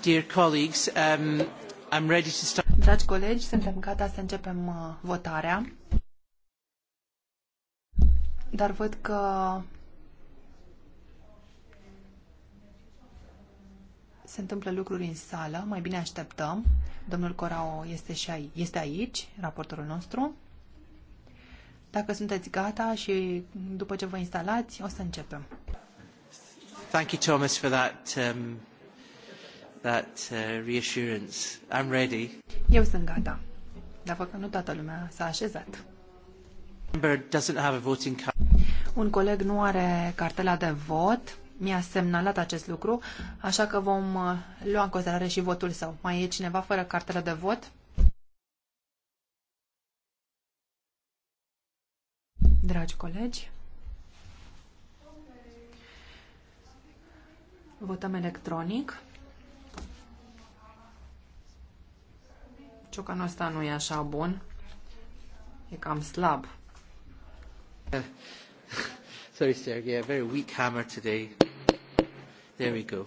Um, Dragi colegi, suntem gata să începem uh, votarea. Dar văd că se întâmplă lucruri în sală, mai bine așteptăm. Domnul Corao este, și aici, este aici, raportorul nostru. Dacă sunteți gata și după ce vă instalați, o să începem. Thank you, Thomas, for that um, that uh, reassurance. I'm ready. Eu sunt gata. Dar văd că nu toată lumea s-a așezat. Doesn't have a voting card. Un coleg nu are cartela de vot. Mi-a semnalat acest lucru, așa că vom uh, lua în considerare și votul său. Mai e cineva fără cartela de vot? Dragi colegi, votăm electronic. Ciocanul ăsta nu e așa bun. E cam slab. Sorry, Sergei, yeah, very weak hammer today. There we go.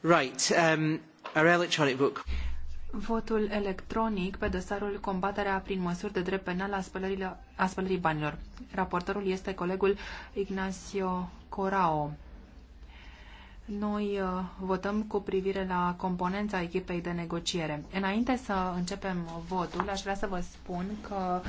Right, um, our electronic book. Votul electronic pe dosarul combaterea prin măsuri de drept penal a, spălării, a spălării banilor. Raportorul este colegul Ignacio Corao. Noi uh, votăm cu privire la componența echipei de negociere. Înainte să începem votul, aș vrea să vă spun că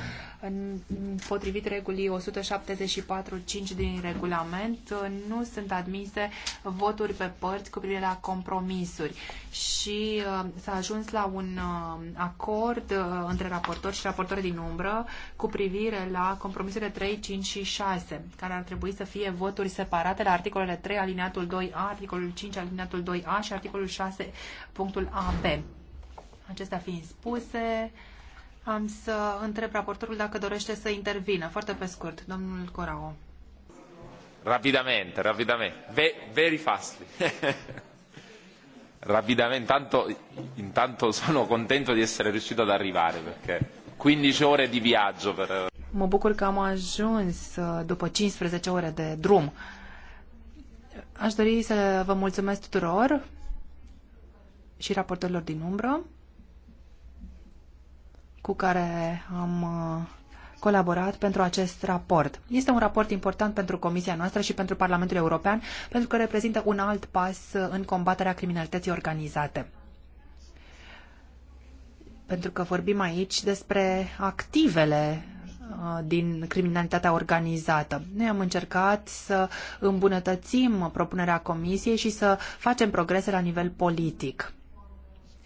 potrivit regulii 174.5 din regulament, nu sunt admise voturi pe părți cu privire la compromisuri și uh, s-a ajuns la un uh, acord uh, între raportori și raportori din umbră cu privire la compromisurile 3, 5 și 6, care ar trebui să fie voturi separate la articolele 3 alineatul 2A, articolul 5 alineatul 2A și articolul 6 punctul AB. Acestea fiind spuse, am să întreb raportorul dacă dorește să intervină. Foarte pe scurt, domnul Corao. Rapidamente, rapidamente. Ve very fastly. rapidamente, intanto, intanto sono contento di essere riuscito ad arrivare perché 15 ore di viaggio per... Mă bucur că am ajuns uh, după 15 ore de drum. Aș dori să vă mulțumesc tuturor și raportorilor din umbră cu care am uh, colaborat pentru acest raport. Este un raport important pentru Comisia noastră și pentru Parlamentul European, pentru că reprezintă un alt pas în combaterea criminalității organizate. Pentru că vorbim aici despre activele uh, din criminalitatea organizată. Noi am încercat să îmbunătățim propunerea Comisiei și să facem progrese la nivel politic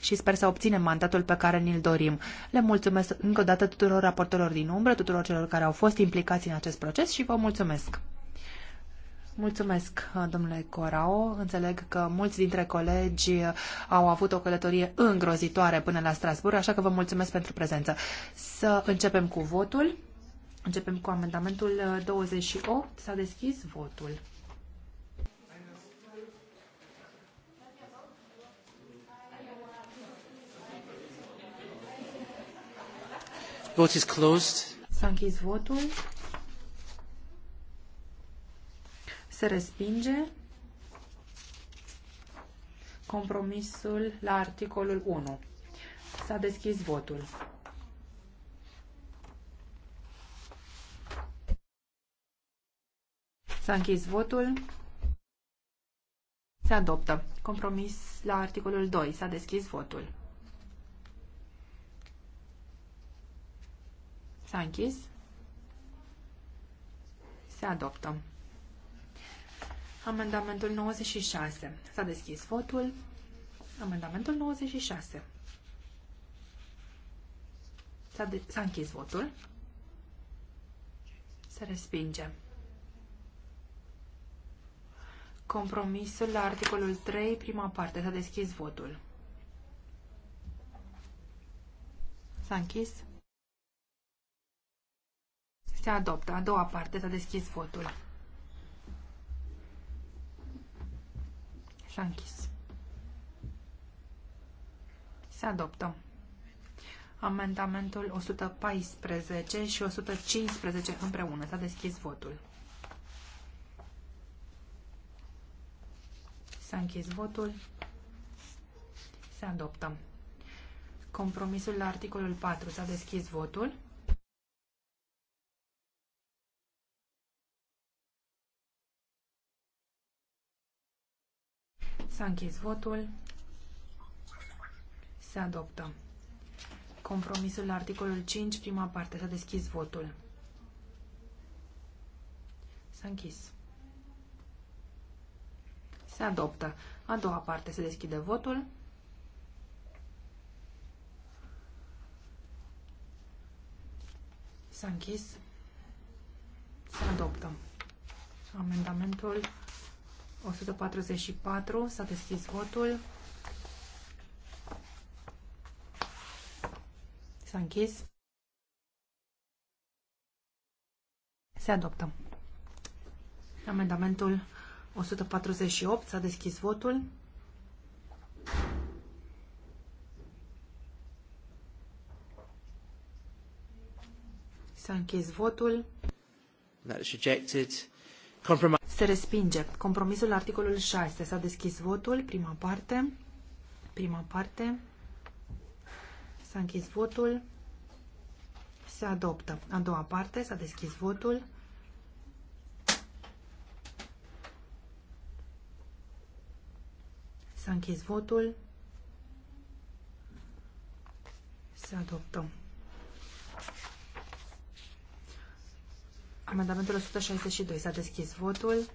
și sper să obținem mandatul pe care ni-l dorim. Le mulțumesc încă o dată tuturor raportorilor din umbră, tuturor celor care au fost implicați în acest proces și vă mulțumesc. Mulțumesc, domnule Corao. Înțeleg că mulți dintre colegi au avut o călătorie îngrozitoare până la Strasbourg, așa că vă mulțumesc pentru prezență. Să începem cu votul. Începem cu amendamentul 28. S-a deschis votul. Vote is closed. S-a închis votul. Se respinge compromisul la articolul 1. S-a deschis votul. S-a închis votul. Se adoptă. Compromis la articolul 2. S-a deschis votul. S-a închis. Se adoptă. Amendamentul 96. S-a deschis votul. Amendamentul 96. S-a, de- s-a închis votul. Se respinge. Compromisul la articolul 3, prima parte. S-a deschis votul. S-a închis. Se adoptă. A doua parte s-a deschis votul. S-a închis. Se adoptă. Amendamentul 114 și 115 împreună. S-a deschis votul. S-a închis votul. Se adoptă. Compromisul la articolul 4. S-a deschis votul. S-a închis votul. Se adoptă. Compromisul la articolul 5, prima parte. S-a deschis votul. S-a închis. Se adoptă. A doua parte se deschide votul. S-a închis. Se adoptă. Amendamentul 144. S-a deschis votul. S-a închis. Se adoptă. Amendamentul 148. S-a deschis votul. S-a închis votul. is rejected. Se respinge. Compromisul articolul 6. S-a deschis votul, prima parte. Prima parte. S-a închis votul. Se adoptă. A doua parte. S-a deschis votul. S-a închis votul. Se adoptă. Amendamentul 162. S-a deschis votul.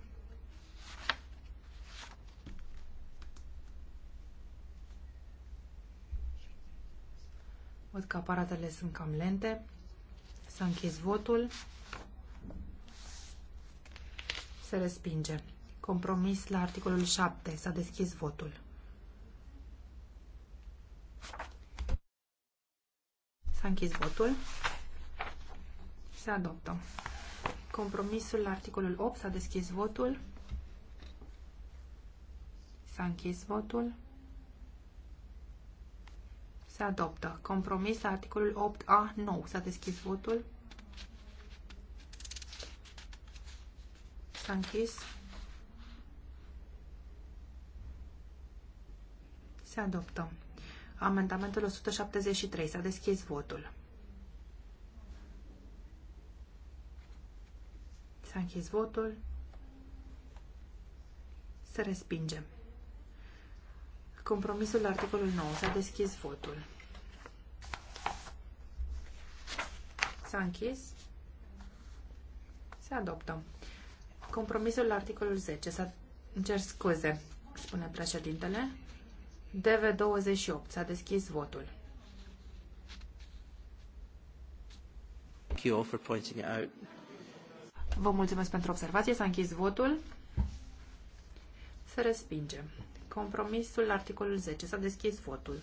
Văd că aparatele sunt cam lente. S-a închis votul. Se respinge. Compromis la articolul 7. S-a deschis votul. S-a închis votul. Se adoptă. Compromisul la articolul 8 s-a deschis votul. S-a închis votul. Se adoptă. Compromis la articolul 8A, nou. S-a deschis votul. S-a închis. Se adoptă. Amendamentul 173. S-a deschis votul. S-a închis votul. Să respingem. Compromisul la articolul 9. S-a deschis votul. S-a închis. Se adoptă. Compromisul la articolul 10. S-a... Cer scuze, spune președintele. DV28. S-a deschis votul. Thank you all for pointing it out. Vă mulțumesc pentru observație. S-a închis votul. Se respinge. Compromisul articolul 10. S-a deschis votul.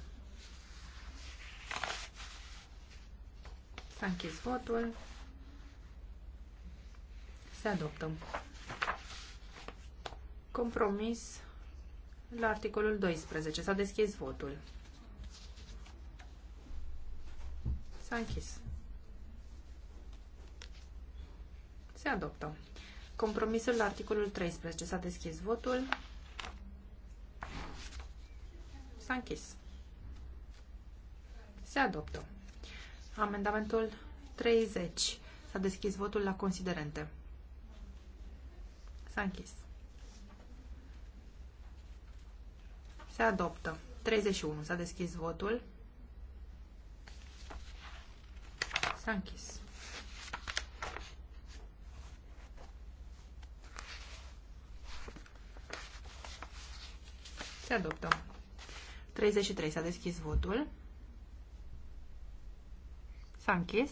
S-a închis votul. Se adoptă. Compromis la articolul 12. S-a deschis votul. S-a închis. Se adoptă. Compromisul la articolul 13. S-a deschis votul. S-a închis. Se adoptă. Amendamentul 30. S-a deschis votul la considerente. S-a închis. Se adoptă. 31. S-a deschis votul. S-a închis. Se adoptă. 33. S-a deschis votul. S-a închis.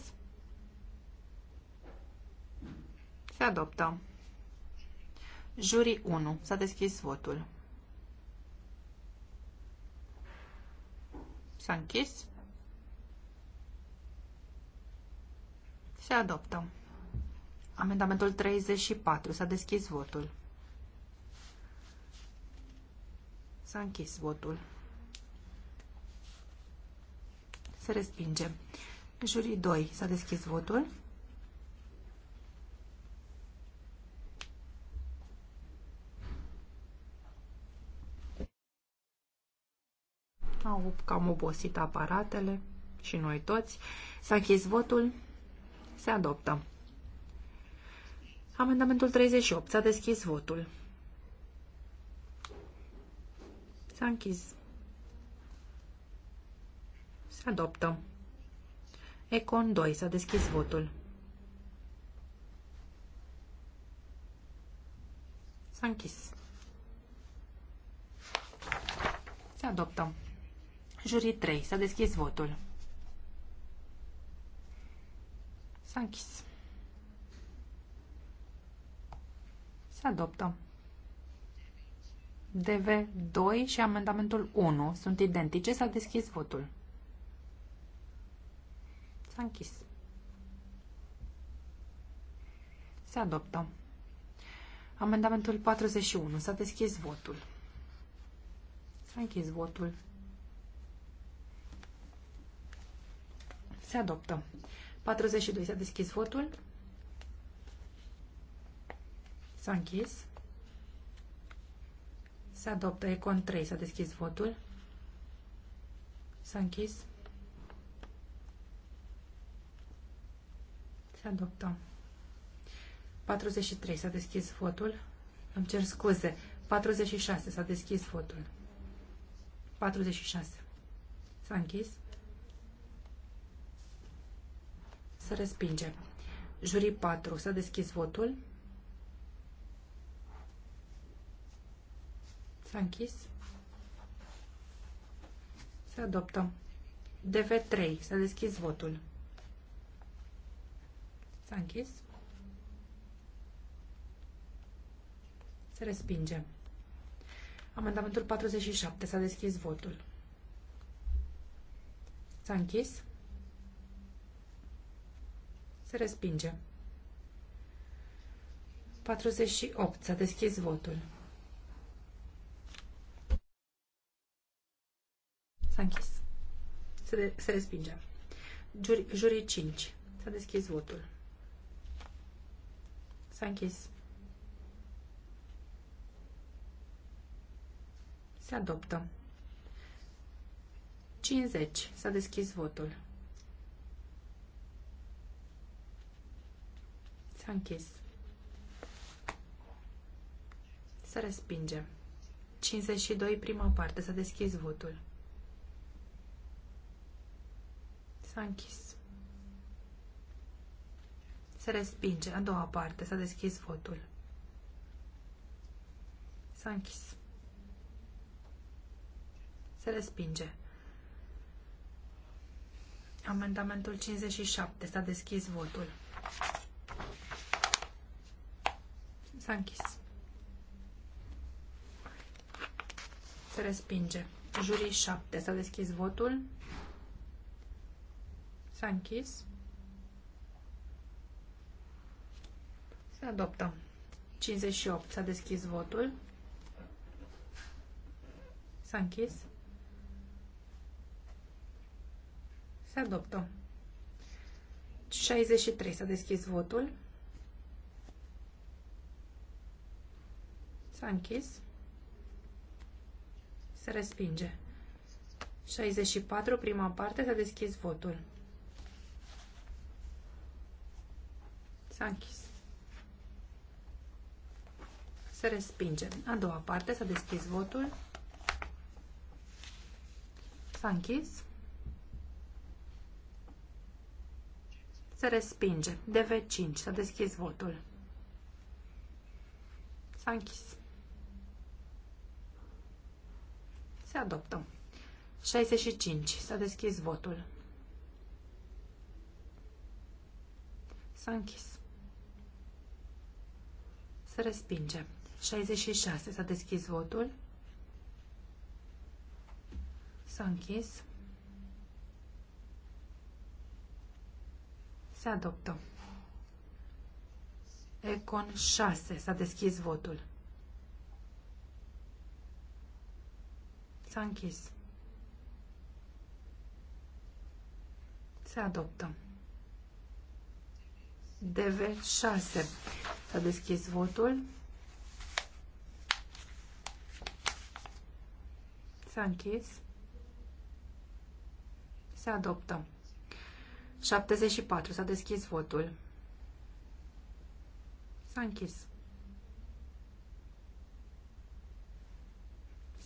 Se adoptă. Jurii 1. S-a deschis votul. S-a închis. Se adoptă. Amendamentul 34. S-a deschis votul. S-a închis votul. Se respinge. Jurii 2. S-a deschis votul. Au cam obosit aparatele și noi toți. S-a închis votul. Se adoptă. Amendamentul 38. S-a deschis votul. S-a închis. Se adoptă. Econ 2. S-a deschis votul. S-a închis. Se adoptă. Jurii 3. S-a deschis votul. S-a închis. Se adoptă. DV2 și amendamentul 1 sunt identice. S-a deschis votul. S-a închis. Se adoptă. Amendamentul 41. S-a deschis votul. S-a închis votul. Se adoptă. 42. S-a deschis votul. S-a închis. Se adoptă Econ 3. S-a deschis votul. S-a închis. Se adoptă. 43. S-a deschis votul. Îmi cer scuze. 46. S-a deschis votul. 46. S-a închis. Se respinge. Jurii 4. S-a deschis votul. S-a închis. Se adoptă. DV3. S-a deschis votul. S-a închis. Se respinge. Amendamentul 47. S-a deschis votul. S-a închis. Se respinge. 48. S-a deschis votul. S-a închis. Se, de, se respinge. Juri, jurii 5. S-a deschis votul. S-a închis. Se adoptă. 50. S-a deschis votul. S-a închis. Se respinge. 52. Prima parte. S-a deschis votul. S-a închis. Se respinge. A doua parte. S-a deschis votul. S-a închis. Se respinge. Amendamentul 57. S-a deschis votul. S-a închis. Se respinge. Jurii 7. S-a deschis votul. S-a închis. Se adoptă. 58. S-a deschis votul. S-a închis. Se adoptă. 63. S-a deschis votul. S-a închis. Se respinge. 64. Prima parte. S-a deschis votul. S-a închis. Se respinge. A doua parte s-a deschis votul. S-a închis. Se respinge. DV5. S-a deschis votul. S-a închis. Se adoptă. 65. S-a deschis votul. S-a închis. Se respinge. 66. S-a deschis votul. S-a închis. Se adoptă. Econ 6. S-a deschis votul. S-a închis. Se adoptă. DV6. S-a deschis votul. S-a închis. Se adoptă. 74. S-a deschis votul. S-a închis.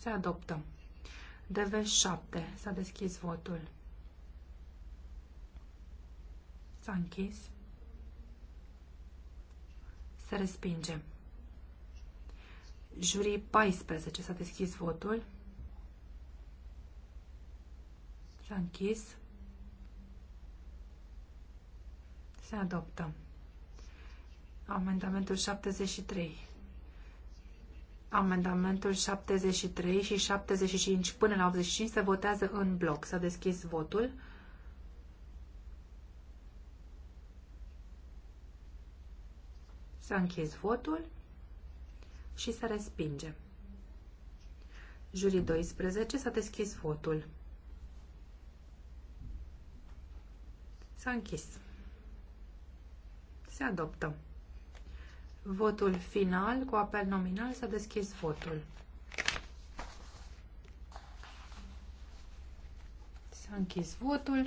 Se adoptă. DV7. S-a deschis votul. S-a închis. Se respinge. Jurii 14. S-a deschis votul. S-a închis. Se adoptă. Amendamentul 73. Amendamentul 73 și 75 până la 85 se votează în bloc. S-a deschis votul. să închizi votul și să respinge. Jurii 12 s-a deschis votul. S-a închis. Se adoptă. Votul final cu apel nominal s-a deschis votul. S-a închis votul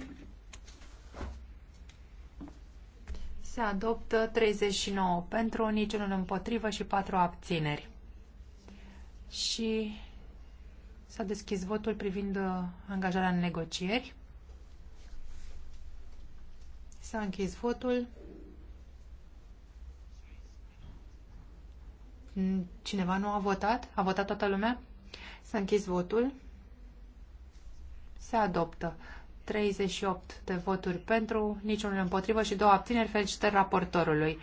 se adoptă 39 pentru, niciunul împotrivă și 4 abțineri. Și s-a deschis votul privind uh, angajarea în negocieri. S-a închis votul. Cineva nu a votat? A votat toată lumea? S-a închis votul. Se adoptă. 38 de voturi pentru, niciunul împotrivă și două abțineri. Felicitări raportorului.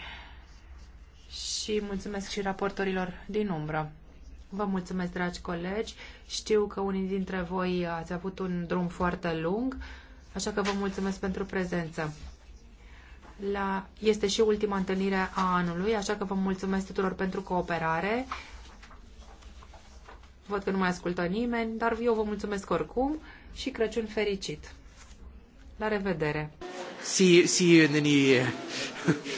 Și mulțumesc și raportorilor din umbră. Vă mulțumesc, dragi colegi. Știu că unii dintre voi ați avut un drum foarte lung, așa că vă mulțumesc pentru prezență. La, este și ultima întâlnire a anului, așa că vă mulțumesc tuturor pentru cooperare. Văd că nu mai ascultă nimeni, dar eu vă mulțumesc oricum și Crăciun fericit! La revedere! See, see you in the new year.